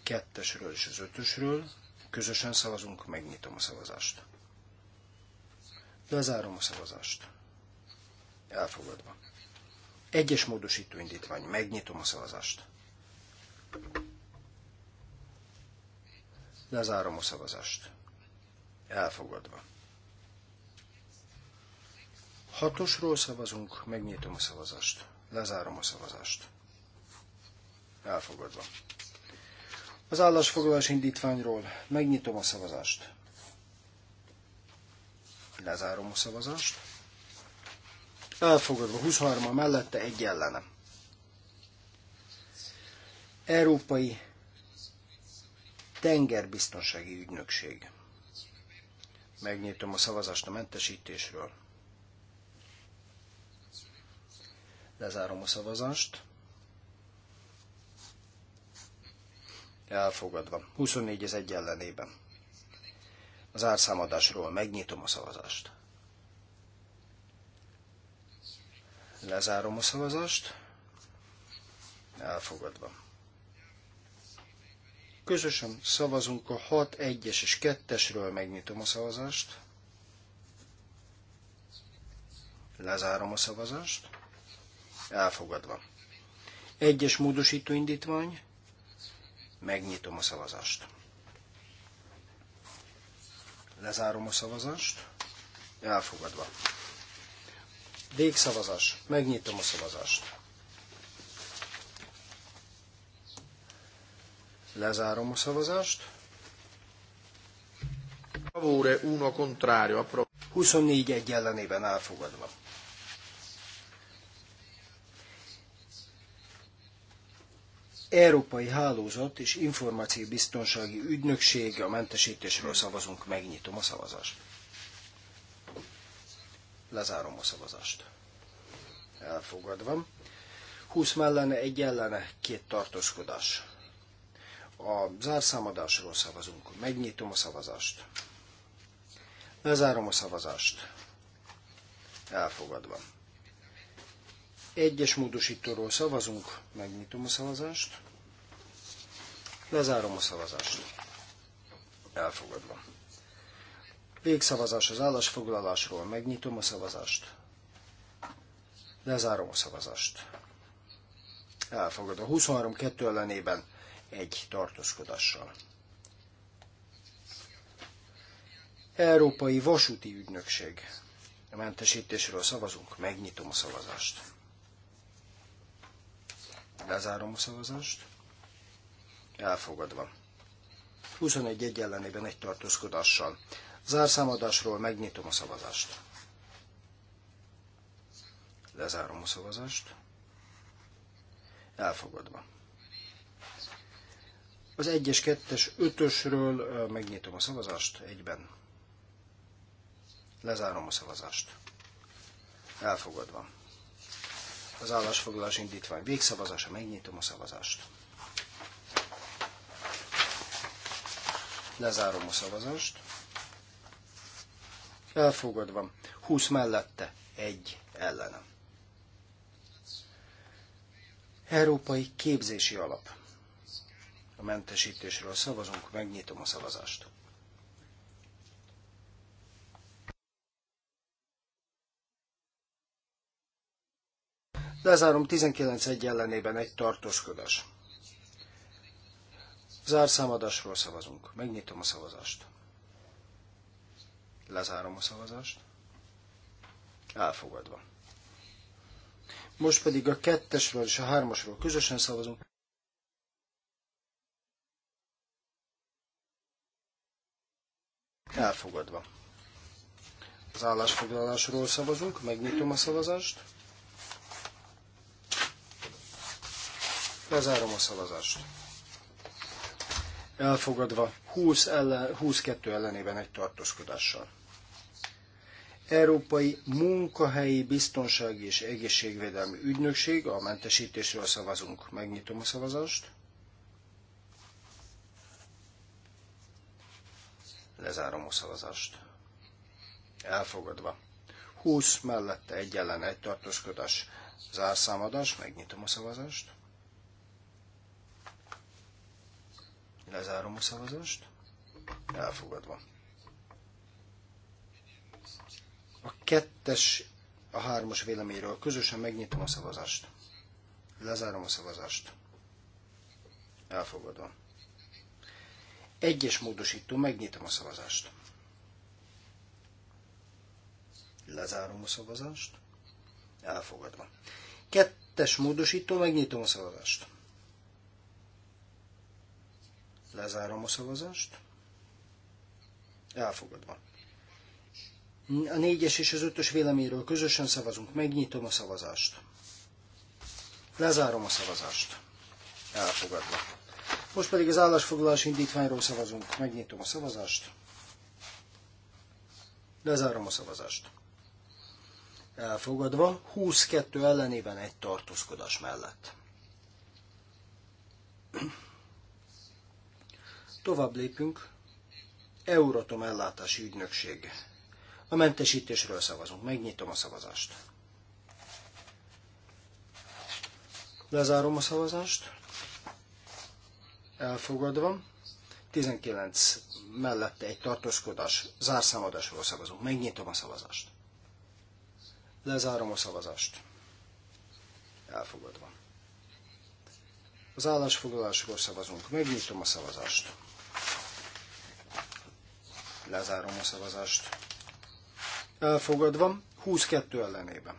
kettesről és az ötösről. Közösen szavazunk, megnyitom a szavazást. Lezárom a szavazást. Elfogadva. Egyes módosító indítvány, megnyitom a szavazást. Lezárom a szavazást. Elfogadva. Hatosról szavazunk, megnyitom a szavazást. Lezárom a szavazást. Elfogadva. Az állásfoglalás indítványról megnyitom a szavazást. Lezárom a szavazást. Elfogadva 23 -a mellette egy ellene. Európai Tengerbiztonsági Ügynökség. Megnyitom a szavazást a mentesítésről. Lezárom a szavazást. elfogadva. 24 az egy ellenében. Az árszámadásról megnyitom a szavazást. Lezárom a szavazást. Elfogadva. Közösen szavazunk a 6, 1-es és 2-esről, megnyitom a szavazást. Lezárom a szavazást. Elfogadva. Egyes módosító indítvány, Megnyitom a szavazást. Lezárom a szavazást. Elfogadva. Végszavazás. Megnyitom a szavazást. Lezárom a szavazást. Favore, uno contrario. 24 egy ellenében elfogadva. Európai Hálózat és Információbiztonsági Ügynökség a mentesítésről szavazunk, megnyitom a szavazást. Lezárom a szavazást. Elfogadva. 20 mellene, egy ellene, két tartózkodás. A zárszámadásról szavazunk. Megnyitom a szavazást. Lezárom a szavazást. Elfogadva. Egyes módosítóról szavazunk, megnyitom a szavazást, lezárom a szavazást. Elfogadva. Végszavazás az állásfoglalásról, megnyitom a szavazást, lezárom a szavazást. Elfogadva. 23-2 ellenében egy tartózkodással. Európai Vasúti Ügynökség. A mentesítésről szavazunk, megnyitom a szavazást. Lezárom a szavazást. Elfogadva. 21 egy ellenében egy tartózkodással. Zárszámadásról megnyitom a szavazást. Lezárom a szavazást. Elfogadva. Az 1-es, 2-es, 5-ösről megnyitom a szavazást egyben. Lezárom a szavazást. Elfogadva az állásfoglalás indítvány végszavazása, megnyitom a szavazást. Lezárom a szavazást. Elfogadva. 20 mellette, 1 ellenem. Európai Képzési Alap. A mentesítésről szavazunk, megnyitom a szavazást. Lezárom 19-1 ellenében egy tartózkodás. Zárszámadásról szavazunk. Megnyitom a szavazást. Lezárom a szavazást. Elfogadva. Most pedig a kettesről és a hármasról közösen szavazunk. Elfogadva. Az állásfoglalásról szavazunk, megnyitom a szavazást. Lezárom a szavazást. Elfogadva 20 ellen, 22 ellenében egy tartózkodással. Európai Munkahelyi Biztonsági és Egészségvédelmi Ügynökség, a mentesítésről szavazunk. Megnyitom a szavazást. Lezárom a szavazást. Elfogadva. 20 mellette egy ellen egy tartózkodás. Zárszámadás, megnyitom a szavazást. Lezárom a szavazást. Elfogadva. A kettes, a hármas véleményről közösen megnyitom a szavazást. Lezárom a szavazást. Elfogadva. Egyes módosító, megnyitom a szavazást. Lezárom a szavazást. Elfogadva. Kettes módosító, megnyitom a szavazást. Lezárom a szavazást. Elfogadva. A négyes és az ötös véleményről közösen szavazunk. Megnyitom a szavazást. Lezárom a szavazást. Elfogadva. Most pedig az állásfoglalás indítványról szavazunk. Megnyitom a szavazást. Lezárom a szavazást. Elfogadva, 22 ellenében egy tartózkodás mellett. Tovább lépünk. Euratom ellátási ügynökség. A mentesítésről szavazunk. Megnyitom a szavazást. Lezárom a szavazást. Elfogadva. 19 mellette egy tartózkodás, zárszámadásról szavazunk. Megnyitom a szavazást. Lezárom a szavazást. Elfogadva. Az állásfoglalásról szavazunk. Megnyitom a szavazást. Lezárom a szavazást. Elfogadva, 22 ellenében.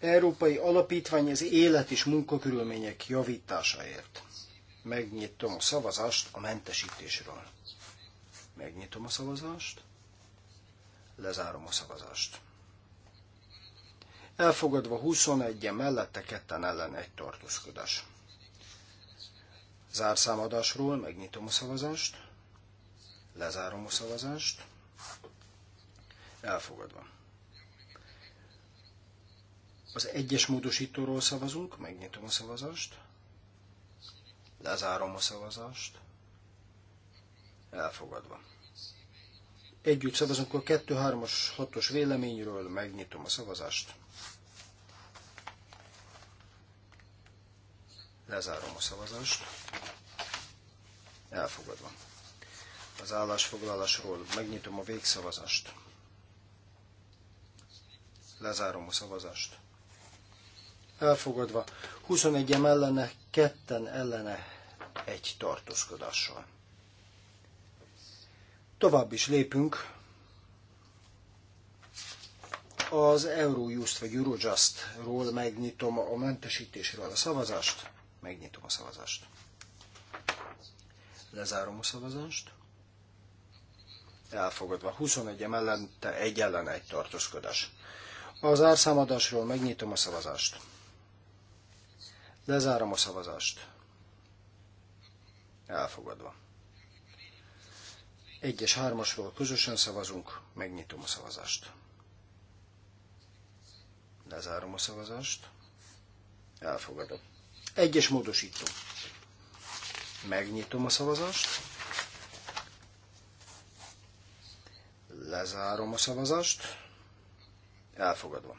Európai Alapítvány az élet és munkakörülmények javításáért. Megnyitom a szavazást a mentesítésről. Megnyitom a szavazást. Lezárom a szavazást. Elfogadva 21 -e mellette ketten ellen egy tartózkodás zárszámadásról, megnyitom a szavazást, lezárom a szavazást, elfogadva. Az egyes módosítóról szavazunk, megnyitom a szavazást, lezárom a szavazást, elfogadva. Együtt szavazunk a 2-3-as 6-os véleményről, megnyitom a szavazást, Lezárom a szavazást. Elfogadva. Az állásfoglalásról megnyitom a végszavazást. Lezárom a szavazást. Elfogadva. 21 -em ellene, ketten ellene, egy tartózkodással. Tovább is lépünk. Az Eurojust vagy Eurojust-ról megnyitom a mentesítésről a szavazást. Megnyitom a szavazást. Lezárom a szavazást. Elfogadva. 21 emellette egy ellen egy tartózkodás. Az árszámadásról megnyitom a szavazást. Lezárom a szavazást. Elfogadva. 1 és 3-asról közösen szavazunk, megnyitom a szavazást. Lezárom a szavazást. Elfogadom. Egyes módosító. Megnyitom a szavazást. Lezárom a szavazást. Elfogadva.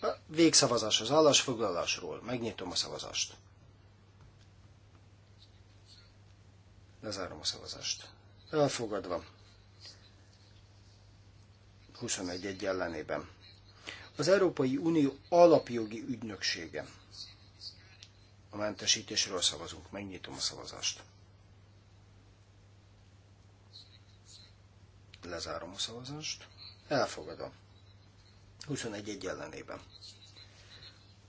A végszavazás az állásfoglalásról. Megnyitom a szavazást. Lezárom a szavazást. Elfogadva. 21 egy ellenében. Az Európai Unió alapjogi ügynöksége a mentesítésről szavazunk. Megnyitom a szavazást. Lezárom a szavazást. Elfogadom. 21 egy ellenében.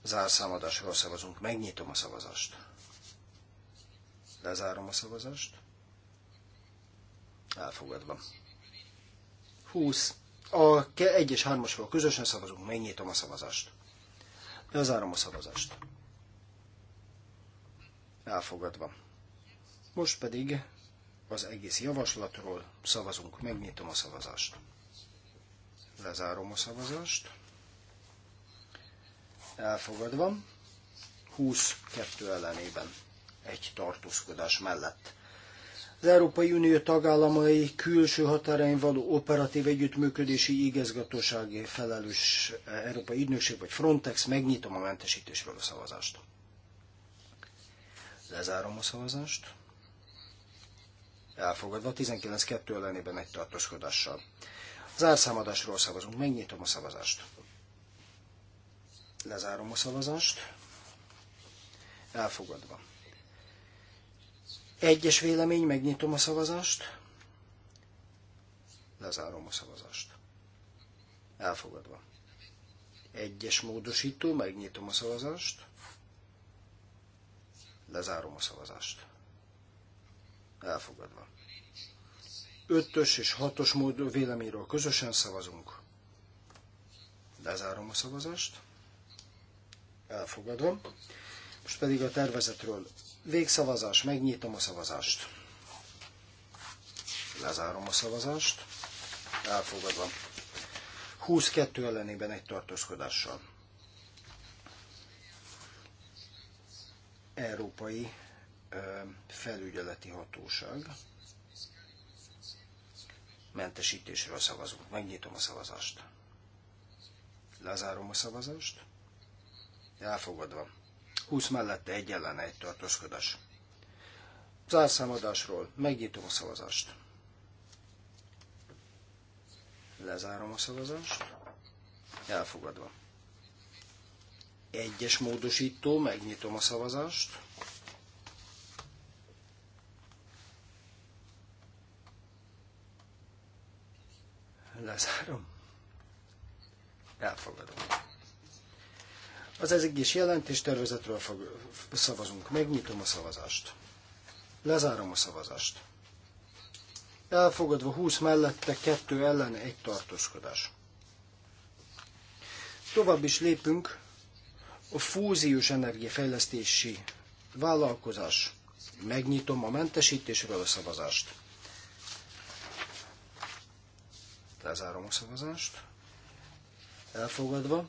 Zárszámadásról szavazunk. Megnyitom a szavazást. Lezárom a szavazást. Elfogadva. 20. A 1 és 3-asról közösen szavazunk. Megnyitom a szavazást. Lezárom a szavazást elfogadva. Most pedig az egész javaslatról szavazunk, megnyitom a szavazást. Lezárom a szavazást. Elfogadva. 22 ellenében egy tartózkodás mellett. Az Európai Unió tagállamai külső határain való operatív együttműködési igazgatósági felelős eh, Európai Ügynökség vagy Frontex megnyitom a mentesítésről a szavazást. Lezárom a szavazást. Elfogadva 19-2 ellenében egy tartózkodással. Zárszámadásról szavazunk. Megnyitom a szavazást. Lezárom a szavazást. Elfogadva. Egyes vélemény, megnyitom a szavazást. Lezárom a szavazást. Elfogadva. Egyes módosító, megnyitom a szavazást. Lezárom a szavazást. Elfogadva. Ötös és hatos mód véleményről közösen szavazunk. Lezárom a szavazást. Elfogadom. Most pedig a tervezetről végszavazás, megnyitom a szavazást. Lezárom a szavazást. Elfogadom. 22 ellenében egy tartózkodással. európai felügyeleti hatóság. Mentesítésről szavazunk. Megnyitom a szavazást. Lezárom a szavazást. Elfogadva. 20 mellette egy ellen egy tartózkodás. Zárszámadásról megnyitom a szavazást. Lezárom a szavazást. Elfogadva. Egyes módosító, megnyitom a szavazást. Lezárom. Elfogadom. Az ez egész jelentés tervezetről fog, szavazunk. Megnyitom a szavazást. Lezárom a szavazást. Elfogadva 20 mellette, 2 ellen, egy tartózkodás. Tovább is lépünk a fúziós energiafejlesztési vállalkozás. Megnyitom a mentesítésről a szavazást. Lezárom a szavazást. Elfogadva.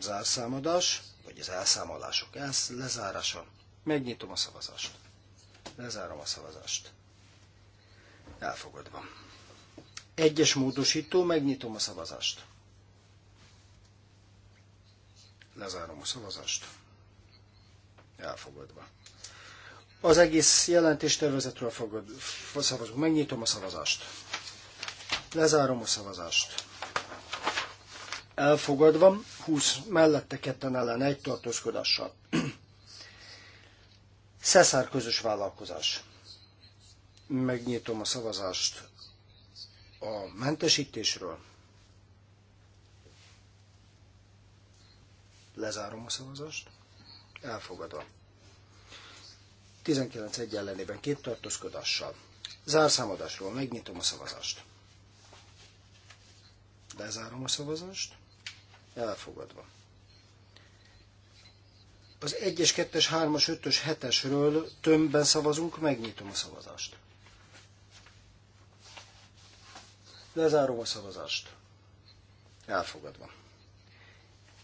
Zárszámadás, vagy az elszámolások elsz- lezárása. Megnyitom a szavazást. Lezárom a szavazást. Elfogadva. Egyes módosító, megnyitom a szavazást. Lezárom a szavazást. Elfogadva. Az egész jelentéstervezetről fogod, szavazunk. Megnyitom a szavazást. Lezárom a szavazást. Elfogadva, 20 mellette ketten ellen egy tartózkodással. Szeszár közös vállalkozás. Megnyitom a szavazást a mentesítésről. Lezárom a szavazást. Elfogadva. 19 egy ellenében két tartózkodással. Zárszámadásról megnyitom a szavazást. Lezárom a szavazást. Elfogadva. Az 1-es, 2-es, 3-as, 5-ös, 7-esről tömbben szavazunk, megnyitom a szavazást. Lezárom a szavazást. Elfogadva.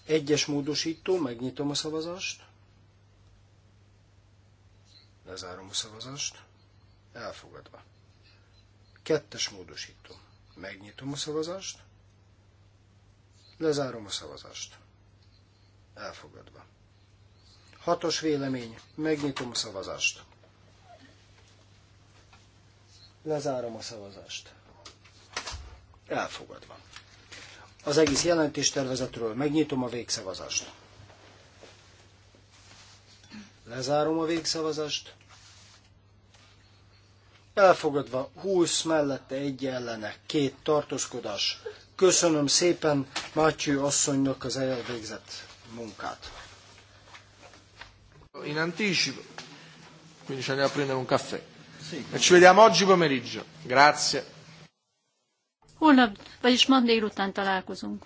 Egyes módosító, megnyitom a szavazást. Lezárom a szavazást. Elfogadva. Kettes módosító. Megnyitom a szavazást. Lezárom a szavazást. Elfogadva. Hatos vélemény. Megnyitom a szavazást. Lezárom a szavazást. Elfogadva az egész jelentéstervezetről. Megnyitom a végszavazást. Lezárom a végszavazást. Elfogadva 20 mellette egy ellene, két tartózkodás. Köszönöm szépen Mátyő asszonynak az elvégzett munkát. In anticipo, quindi ci andiamo a prendere un caffè. E ci vediamo oggi pomeriggio. Grazie. Holnap, vagyis ma délután találkozunk.